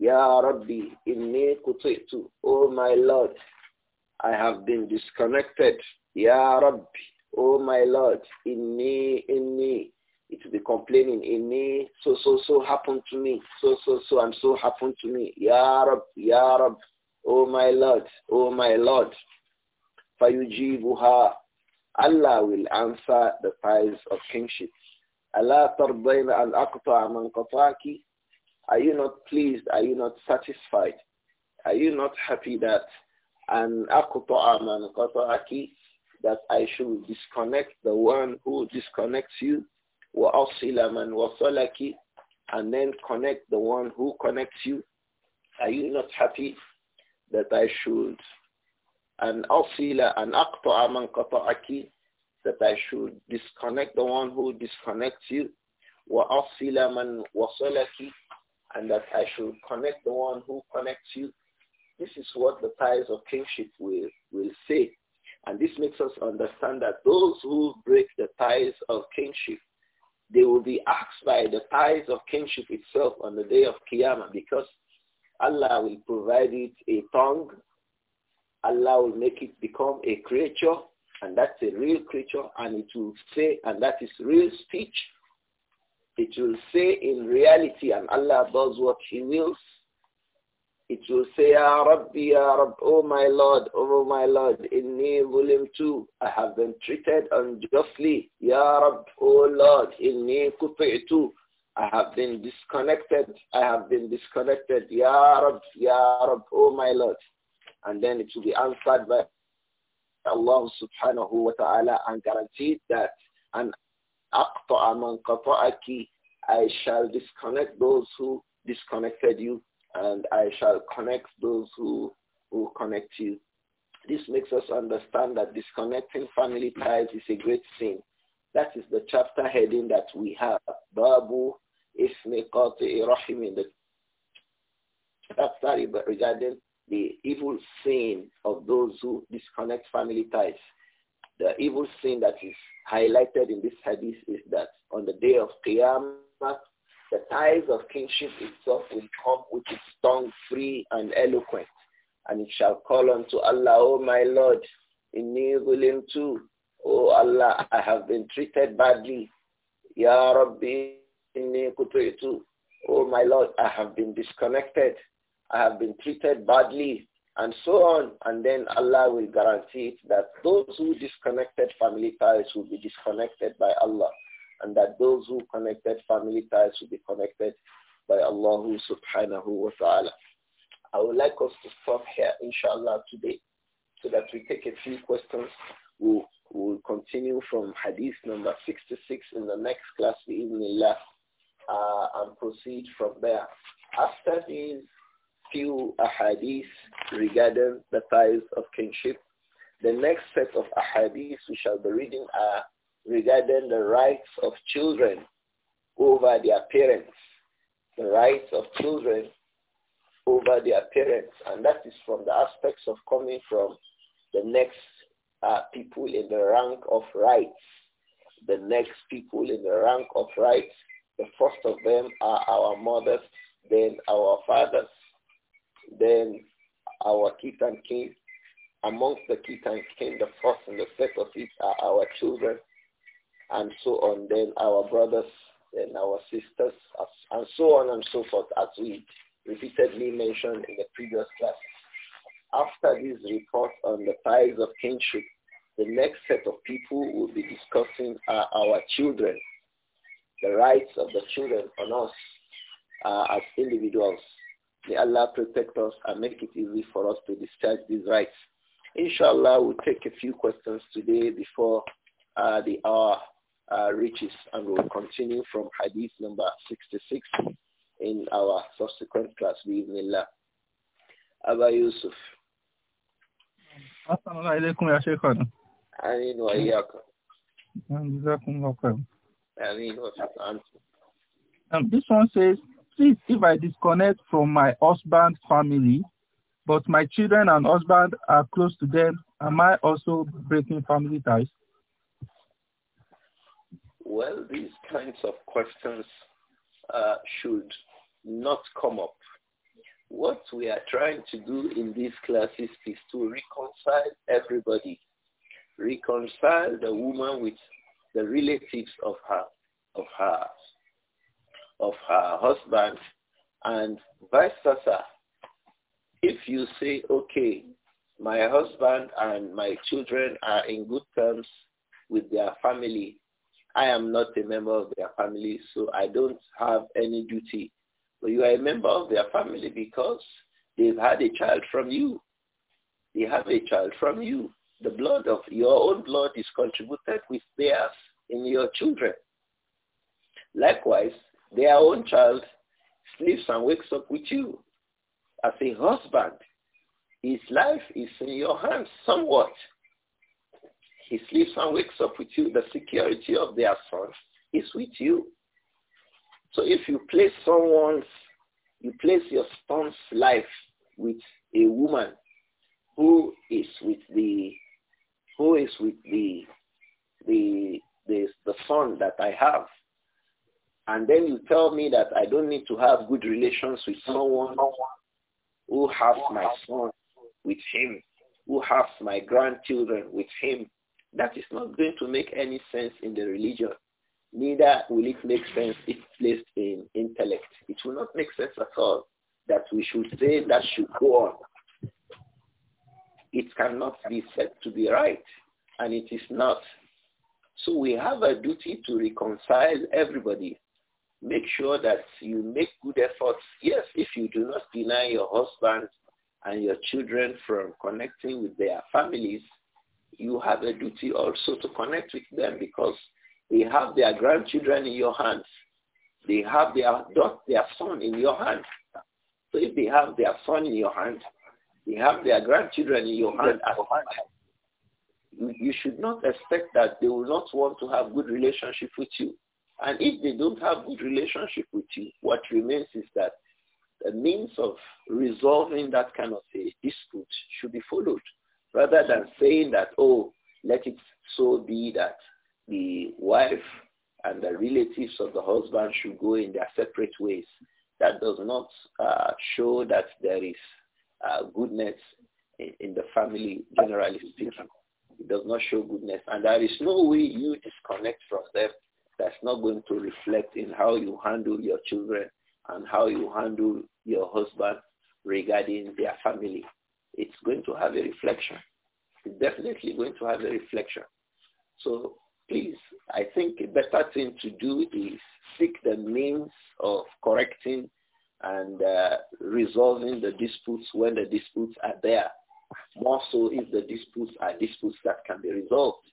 Speaker 1: Ya Rabbi, in inni kutu'tu, Oh my Lord, I have been disconnected. Ya Rabbi, Oh my Lord, in inni, inni, it will be complaining in me, so, so, so happened to me, so, so, so and so happened to me. Ya Rab, Ya Rab, oh my Lord, oh my Lord. فَيُجِيبُهَا Allah will answer the ties of kingship. Allah tardayna al man qata'aki. Are you not pleased? Are you not satisfied? Are you not happy that an aqta'a man qata'aki? That I should disconnect the one who disconnects you. وَأَصِلَ مَنْ وَصَلَكِ And then connect the one who connects you. Are you not happy that I should an asila an أقطع من قطعك that I should disconnect the one who disconnects you وأصل من وصلك and that I should connect the one who connects you this is what the ties of kinship will, will say and this makes us understand that those who break the ties of kinship they will be asked by the ties of kinship itself on the day of Qiyamah because Allah will provide it a tongue Allah will make it become a creature, and that's a real creature, and it will say, and that is real speech. It will say in reality, and Allah does what he wills. It will say, Ya Rabbi, Ya Rabb, oh my Lord, oh my Lord, inni zulimtu, I have been treated unjustly. Ya Rabb, oh Lord, inni too, I have been disconnected, I have been disconnected. Ya Rabb, Ya Rabb, oh my Lord and then it will be answered by Allah subhanahu wa ta'ala and guaranteed that and أقطع من قطعك I shall disconnect those who disconnected you and I shall connect those who, who connect you. This makes us understand that disconnecting family ties is a great sin. That is the chapter heading that we have. Babu Ismi Qati'i Rahim in the chapter regarding the evil sin of those who disconnect family ties. The evil sin that is highlighted in this hadith is that on the day of Qiyamah, the ties of kinship itself will come with its tongue free and eloquent. And it shall call unto Allah, O oh my Lord, in willing too. O oh Allah, I have been treated badly. Ya Rabbi, inni kutu'itu. O oh my Lord, I have been disconnected. I have been treated badly, and so on. And then Allah will guarantee that those who disconnected family ties will be disconnected by Allah, and that those who connected family ties will be connected by Allah subhanahu wa ta'ala. I would like us to stop here, inshallah, today, so that we take a few questions. We'll, we'll continue from hadith number 66 in the next class, bi'idhnillah, uh, and proceed from there. After these few ahadith regarding the ties of kinship. The next set of ahadith we shall be reading are regarding the rights of children over their parents. The rights of children over their parents. And that is from the aspects of coming from the next uh, people in the rank of rights. The next people in the rank of rights. The first of them are our mothers, then our fathers. Then our kith and kin, amongst the kith and kin, the first and the second of it are our children, and so on. Then our brothers, then our sisters, and so on and so forth, as we repeatedly mentioned in the previous class. After this report on the ties of kinship, the next set of people we'll be discussing are our children, the rights of the children on us uh, as individuals. May Allah protect us and make it easy for us to discharge these rights. Inshallah, we'll take a few questions today before uh, the hour uh, reaches and we'll continue from hadith number 66 in our subsequent class. Bismillah. Abba Yusuf. السلام عليكم يا this one says See, if I disconnect from my husband's family, but my children and husband are close to them, am I also breaking family ties? Well, these kinds of questions uh, should not come up. What we are trying to do in these classes is to reconcile everybody, reconcile the woman with the relatives of her, of her of her husband and vice versa. If you say, okay, my husband and my children are in good terms with their family, I am not a member of their family, so I don't have any duty. But you are a member of their family because they've had a child from you. They have a child from you. The blood of your own blood is contributed with theirs in your children. Likewise, their own child sleeps and wakes up with you. As a husband, his life is in your hands somewhat. He sleeps and wakes up with you. The security of their son is with you. So if you place someone's, you place your son's life with a woman who is with the, who is with the, the, the, the son that I have, and then you tell me that I don't need to have good relations with someone who has my son with him, who has my grandchildren with him. That is not going to make any sense in the religion. Neither will it make sense if placed in intellect. It will not make sense at all that we should say that should go on. It cannot be said to be right, and it is not. So we have a duty to reconcile everybody make sure that you make good efforts. Yes, if you do not deny your husband and your children from connecting with their families, you have a duty also to connect with them because they have their grandchildren in your hands. They have their daughter, their son in your hand. So if they have their son in your hand, they have their grandchildren in your hand you should not expect that they will not want to have good relationship with you. And if they don't have good relationship with you, what remains is that the means of resolving that kind of a dispute should be followed rather than saying that, oh, let it so be that the wife and the relatives of the husband should go in their separate ways. That does not uh, show that there is uh, goodness in, in the family, generally speaking. It does not show goodness. And there is no way you disconnect from them that's not going to reflect in how you handle your children and how you handle your husband regarding their family. It's going to have a reflection. It's definitely going to have a reflection. So please, I think a better thing to do is seek the means of correcting and uh, resolving the disputes when the disputes are there. More so if the disputes are disputes that can be resolved.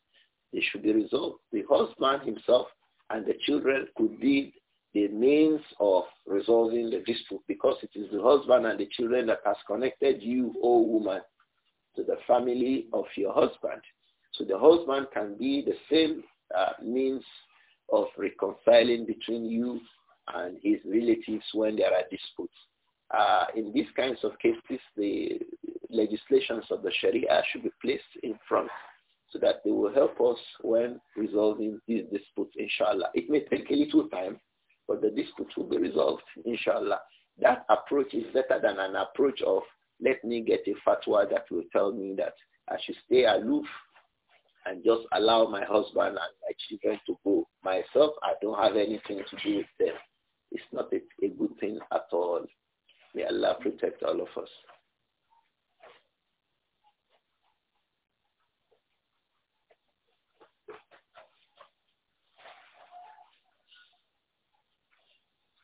Speaker 1: They should be resolved. The husband himself and the children could be the means of resolving the dispute because it is the husband and the children that has connected you, O woman, to the family of your husband. So the husband can be the same uh, means of reconciling between you and his relatives when there are disputes. Uh, in these kinds of cases, the legislations of the Sharia should be placed in front so that they will help us when resolving these disputes, inshallah. It may take a little time, but the dispute will be resolved, inshallah. That approach is better than an approach of, let me get a fatwa that will tell me that I should stay aloof and just allow my husband and my children to go. Myself, I don't have anything to do with them. It's not a, a good thing at all. May Allah protect all of us.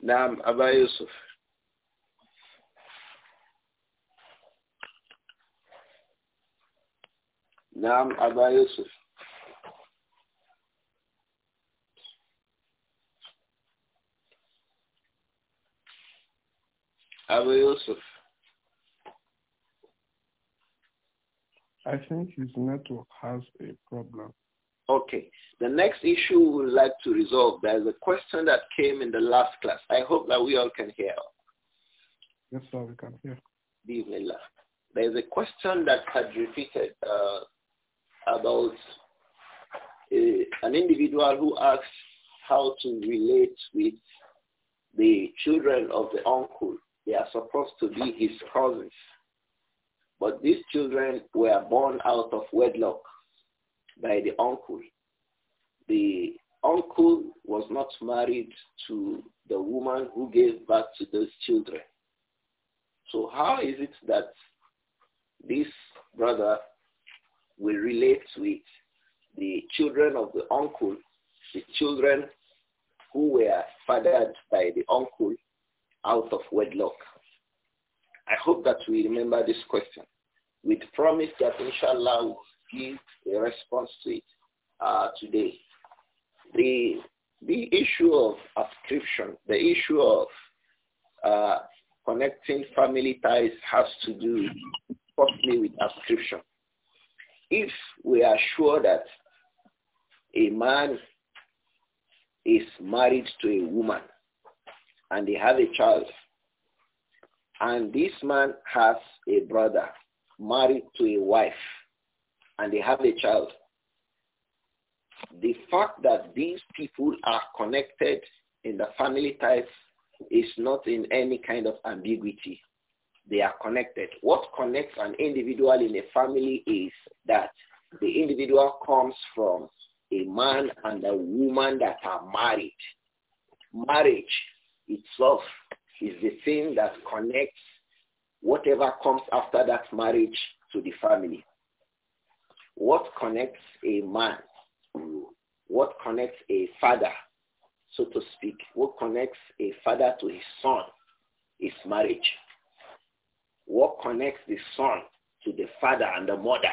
Speaker 1: نعم أبا Yusuf. نعم أبا Yusuf. أبا Yusuf. I think his network has a problem. Okay. The next issue we would like to resolve, there's a question that came in the last class. I hope that we all can hear. Yes, sir, we can hear. Bismillah. There's a question that had repeated uh, about uh, an individual who asks how to relate with the children of the uncle. They are supposed to be his cousins. But these children were born out of wedlock by the uncle. The uncle was not married to the woman who gave birth to those children. So how is it that this brother will relate with the children of the uncle, the children who were fathered by the uncle out of wedlock? I hope that we remember this question. With promise that inshallah we give a response to it uh, today. The, the issue of ascription, the issue of uh, connecting family ties has to do firstly with ascription. If we are sure that a man is married to a woman and they have a child, and this man has a brother married to a wife, and they have a child. The fact that these people are connected in the family ties is not in any kind of ambiguity. They are connected. What connects an individual in a family is that the individual comes from a man and a woman that are married. Marriage itself is the thing that connects whatever comes after that marriage to the family. What connects a man, what connects a father, so to speak, what connects a father to his son is marriage. What connects the son to the father and the mother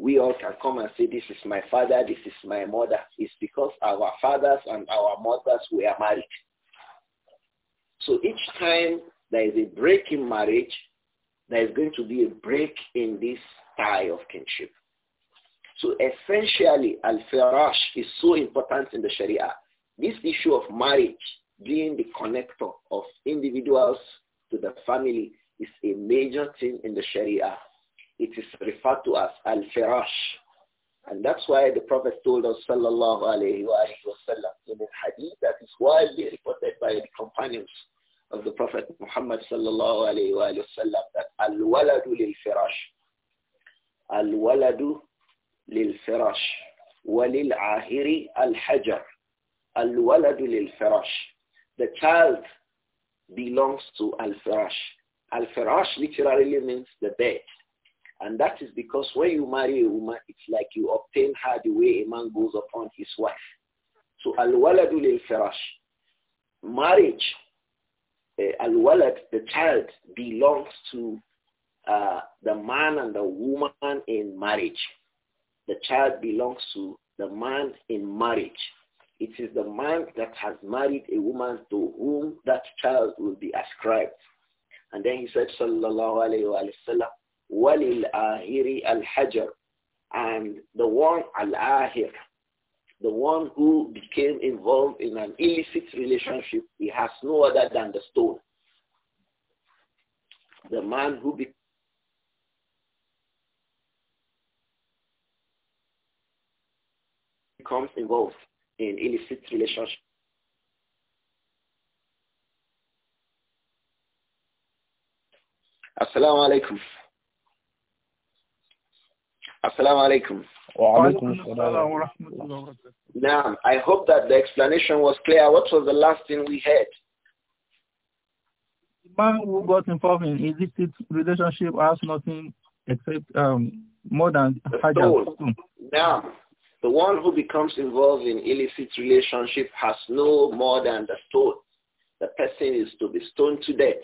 Speaker 1: we all can come and say, this is my father, this is my mother. It's because our fathers and our mothers were married. So each time there is a break in marriage, there is going to be a break in this tie of kinship. So essentially, al-firash is so important in the Sharia. This issue of marriage being the connector of individuals to the family is a major thing in the Sharia. It is referred to as al-firash. And that's why the Prophet told us, sallallahu alayhi wa sallam, in a hadith that is widely reported by the companions of the Prophet Muhammad sallallahu alayhi wa sallam, that al-waladu lil-firash. Al-waladu للفراش وللعاهر الحجر الولد للفراش The child belongs to al farash al farash literally means the bed. And that is because when you marry a woman, it's like you obtain her the way a man goes upon his wife. So al-waladu al-Farash, Marriage, uh, eh, al-walad, the child, belongs to uh, the man and the woman in marriage. The child belongs to the man in marriage. It is the man that has married a woman to whom that child will be ascribed. And then he said, Sallallahu Alaihi Wasallam, Walil Ahiri Al-Hajar. And the one Al-Ahir, the one who became involved in an illicit relationship, he has no other than the stone. The man who, be, becomes involved in illicit relationship. Assalamu alaikum. Assalamu alaikum. Now, I hope that the explanation was clear. What was the last thing we heard? The man who got involved in illicit relationship has nothing except um, more than Now, the one who becomes involved in illicit relationship has no more than the stone. The person is to be stoned to death.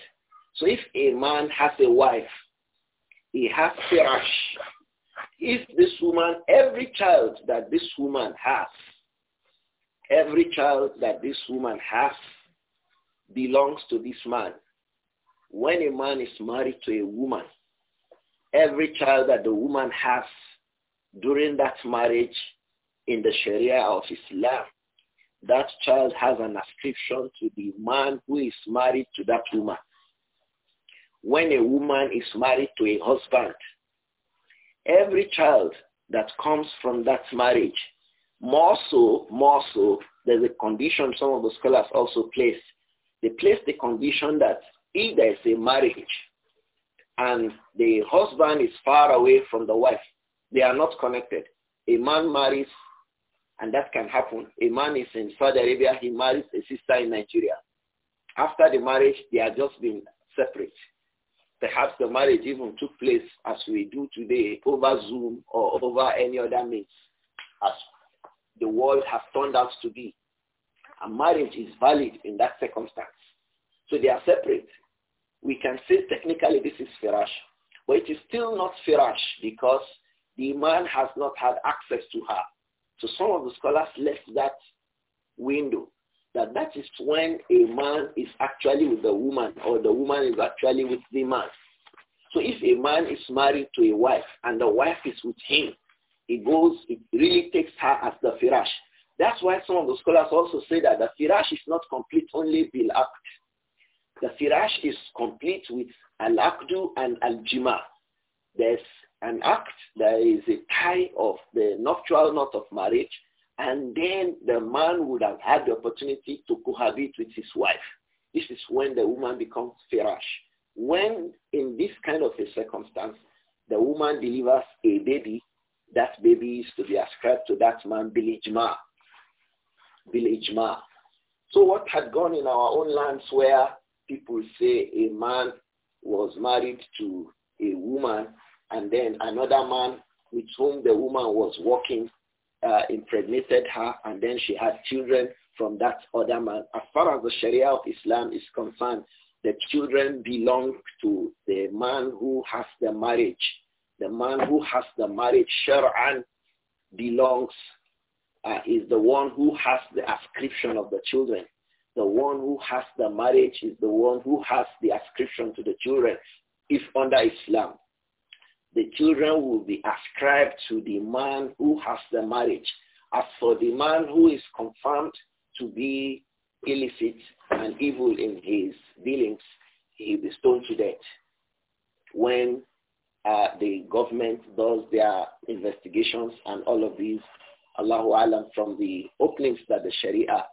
Speaker 1: So if a man has a wife, he has firash. If this woman, every child that this woman has, every child that this woman has belongs to this man. When a man is married to a woman, every child that the woman has during that marriage in the Sharia of Islam, that child has an ascription to the man who is married to that woman. When a woman is married to a husband, every child that comes from that marriage, more so, more so, there's a condition some of the scholars also place. They place the condition that if there is a marriage and the husband is far away from the wife, they are not connected. A man marries and that can happen. A man is in Saudi Arabia, he marries a sister in Nigeria. After the marriage, they are just been separate. Perhaps the marriage even took place as we do today over Zoom or over any other means as the world has turned out to be. a marriage is valid in that circumstance. So they are separate. We can say technically this is firash, but it is still not firash because the man has not had access to her. So some of the scholars left that window that that is when a man is actually with the woman or the woman is actually with the man. So if a man is married to a wife and the wife is with him, he goes, it really takes her as the firash. That's why some of the scholars also say that the firash is not complete only bil aqd. The firash is complete with al and al-jima. There's an act that is a tie of the nuptial knot of marriage, and then the man would have had the opportunity to cohabit with his wife. This is when the woman becomes firash. When in this kind of a circumstance, the woman delivers a baby, that baby is to be ascribed to that man, bilijma. Bilijma. So what had gone in our own lands where people say a man was married to a woman and then another man with whom the woman was working uh, impregnated her, and then she had children from that other man. As far as the Sharia of Islam is concerned, the children belong to the man who has the marriage. The man who has the marriage, Sharan, belongs, uh, is the one who has the ascription of the children. The one who has the marriage is the one who has the ascription to the children, if under Islam the children will be ascribed to the man who has the marriage. As for the man who is confirmed to be illicit and evil in his dealings, he'll be stoned to death. When uh, the government does their investigations and all of these, Allahu Alam, from the openings that the Sharia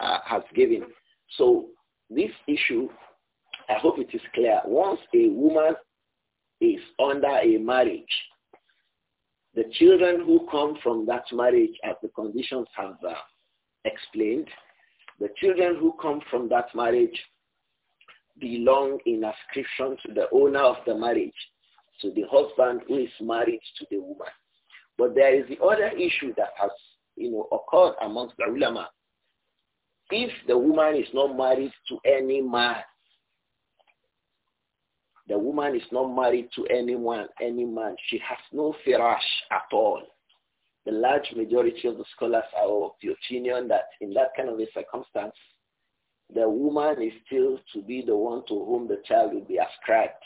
Speaker 1: uh, has given. So this issue, I hope it is clear. Once a woman is under a marriage, the children who come from that marriage, as the conditions have uh, explained, the children who come from that marriage belong in ascription to the owner of the marriage, to the husband who is married to the woman. But there is the other issue that has you know, occurred amongst the ulama. If the woman is not married to any man, the woman is not married to anyone, any man. She has no firash at all. The large majority of the scholars are of the opinion that in that kind of a circumstance, the woman is still to be the one to whom the child will be ascribed.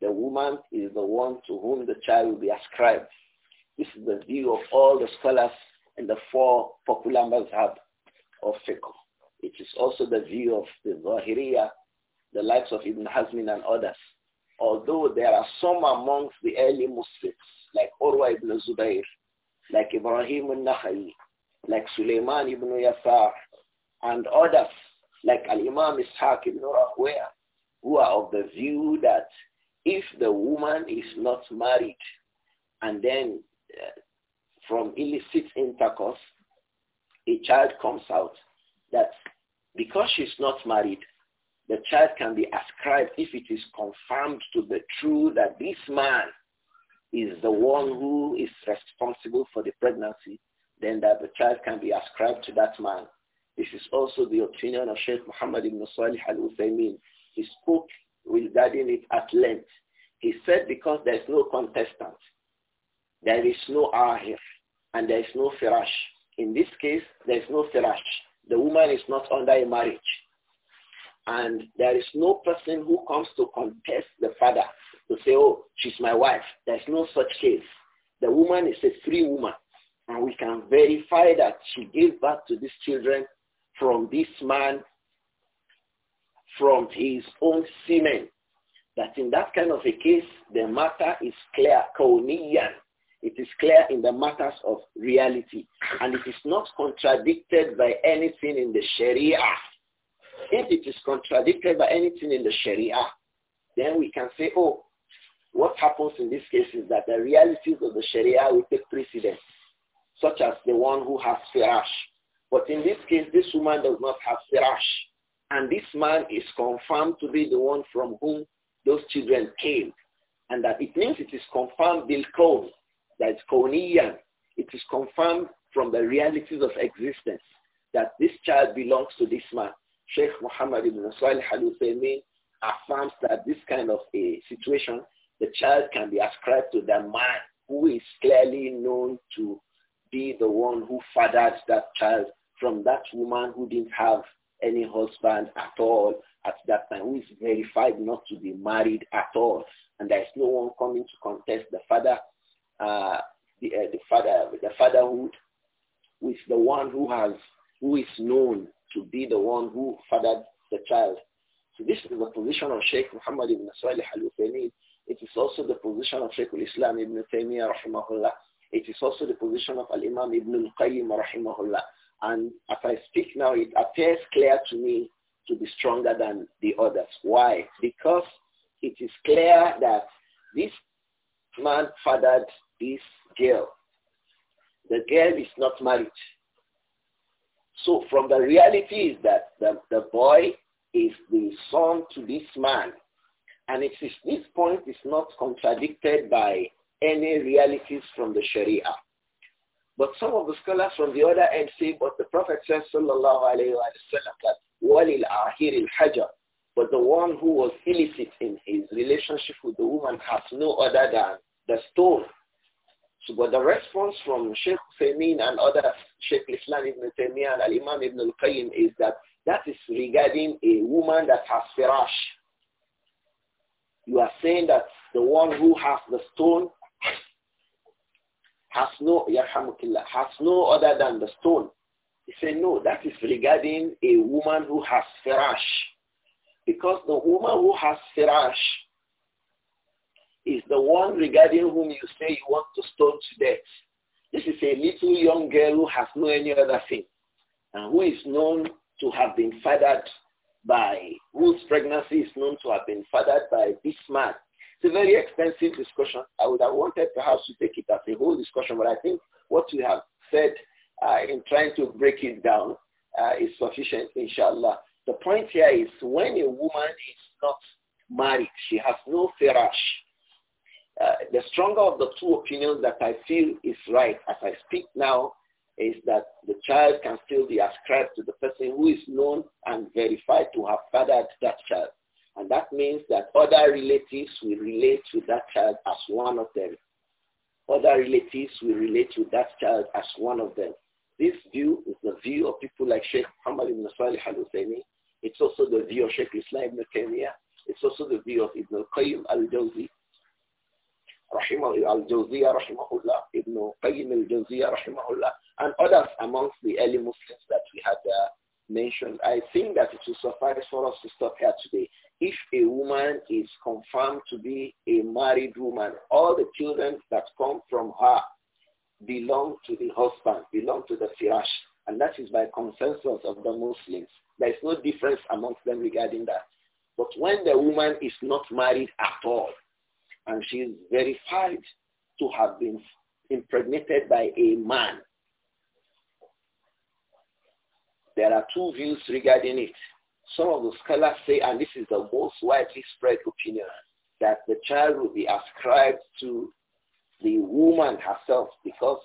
Speaker 1: The woman is the one to whom the child will be ascribed. This is the view of all the scholars and the four popular mazhab of fiqh. It is also the view of the Zahiriya the likes of Ibn Hazmin and others. Although there are some amongst the early Muslims, like Urwa ibn Zubayr, like Ibrahim al-Nakhai, like Sulaiman ibn Yasar, and others, like Al-Imam Ishaq ibn Rahwaya, who are of the view that if the woman is not married and then uh, from illicit intercourse, a child comes out that because she's not married, the child can be ascribed if it is confirmed to the truth that this man is the one who is responsible for the pregnancy, then that the child can be ascribed to that man. This is also the opinion of Sheikh Muhammad ibn Salih al-Uthaymeen. He spoke regarding it at length. He said because there is no contestant, there is no ahir, and there is no firash. In this case, there is no firash. The woman is not under a marriage. And there is no person who comes to contest the father to say, oh, she's my wife. There's no such case. The woman is a free woman. And we can verify that she gave birth to these children from this man, from his own semen. That in that kind of a case, the matter is clear, Kauniyan. It is clear in the matters of reality. And it is not contradicted by anything in the Sharia if it is contradicted by anything in the Sharia, then we can say, oh, what happens in this case is that the realities of the Sharia will take precedence, such as the one who has firash. But in this case, this woman does not have firash. And this man is confirmed to be the one from whom those children came. And that it means it is confirmed bil kawn, that it's kawniyan. It is confirmed from the realities of existence that this child belongs to this man. Sheikh Muhammad ibn Salih al affirms that this kind of a situation, the child can be ascribed to the man who is clearly known to be the one who fathered that child from that woman who didn't have any husband at all at that time, who is verified not to be married at all. And there is no one coming to contest the father, uh, the, uh, the father, the fatherhood with the one who has, who is known to be the one who fathered the child. So this is the position of Sheikh Muhammad ibn Salih al-Uthaymeen. It is also the position of Sheikh al-Islam ibn Taymiyyah rahimahullah. It is also the position of Al-Imam ibn al-Qayyim rahimahullah. And as I speak now, it appears clear to me to be stronger than the others. Why? Because it is clear that this man fathered this girl. The girl is not married. So from the reality is that the, the boy is the son to this man. And it is, this point is not contradicted by any realities from the Sharia. But some of the scholars from the other end say, but the Prophet says, sallallahu alayhi wa sallam, walil ahir al-hajar. But the one who was illicit in his relationship with the woman has no other than the stone. So, but the response from Sheikh Femin and others Sheikh Islam Ibn Taymiyyah Al-Imam Ibn Al-Qayyim is that that is regarding a woman that has firash. You are saying that the one who has the stone has no, has no other than the stone. He said, no, that is regarding a woman who has firash. Because the woman who has firash is the one regarding whom you say you want to stone to death. This is a little young girl who has no any other thing and who is known to have been fathered by, whose pregnancy is known to have been fathered by this man. It's a very extensive discussion. I would have wanted perhaps to take it as a whole discussion, but I think what we have said uh, in trying to break it down uh, is sufficient, inshallah. The point here is when a woman is not married, she has no firash, uh, the stronger of the two opinions that I feel is right as I speak now is that the child can still be ascribed to the person who is known and verified to have fathered that child. And that means that other relatives will relate to that child as one of them. Other relatives will relate to that child as one of them. This view is the view of people like Sheikh Muhammad ibn Salih al-Husayni. It's also the view of Sheikh Islam ibn Taymiyyah. It's also the view of Ibn al-Qayyim al-Jawzi. Rahimah al-Jawziyah rahimahullah, Ibn Qayyim al-Jawziyah rahimahullah, and others amongst the early Muslims that we had uh, mentioned. I think that it will suffice for us to stop here today. If a woman is confirmed to be a married woman, all the children that come from her belong to the husband, belong to the firash, and that is by consensus of the Muslims. There is no difference amongst them regarding that. But when the woman is not married at all, and she is verified to have been impregnated by a man. There are two views regarding it. Some of the scholars say, and this is the most widely spread opinion, that the child will be ascribed to the woman herself because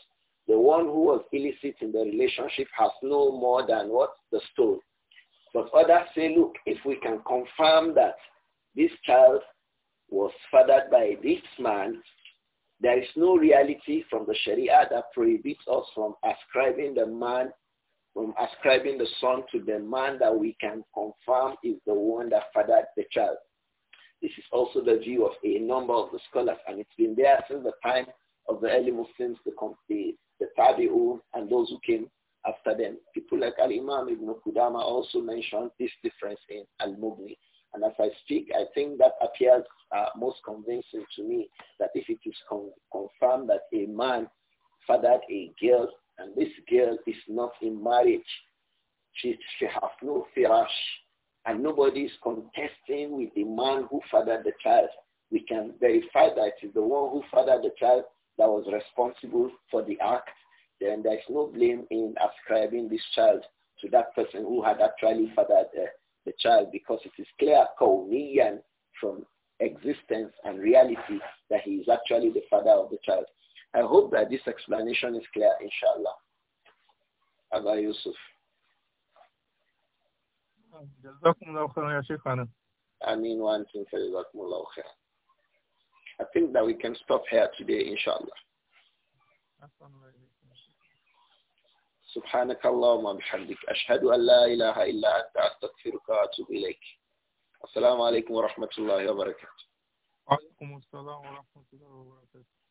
Speaker 1: the one who was illicit in the relationship has no more than what the stone. But others say, look, if we can confirm that this child was fathered by this man, there is no reality from the Sharia that prohibits us from ascribing the man, from ascribing the son to the man that we can confirm is the one that fathered the child. This is also the view of a number of the scholars, and it's been there since the time of the early Muslims, the, the, the Tabi'un, and those who came after them. People like Al-Imam Ibn Qudama also mentioned this difference in Al-Mughni. And as I speak, I think that appears uh, most convincing to me that if it is con confirmed that a man fathered a girl and this girl is not in marriage, she, she has no firash and nobody is contesting with the man who fathered the child. We can verify that it is the one who fathered the child that was responsible for the act. Then there is no blame in ascribing this child to that person who had actually fathered uh, the child because it is clear kauniyan from existence and reality that he is actually the father of the child. I hope that this explanation is clear, inshallah. Abba Yusuf. khair. I think that we can stop here today, inshallah. سبحانك اللهم بحمدك أشهد أن لا إله إلا أنت أستغفرك وأتوب إليك السلام عليكم ورحمة الله وبركاته وعليكم السلام ورحمة الله وبركاته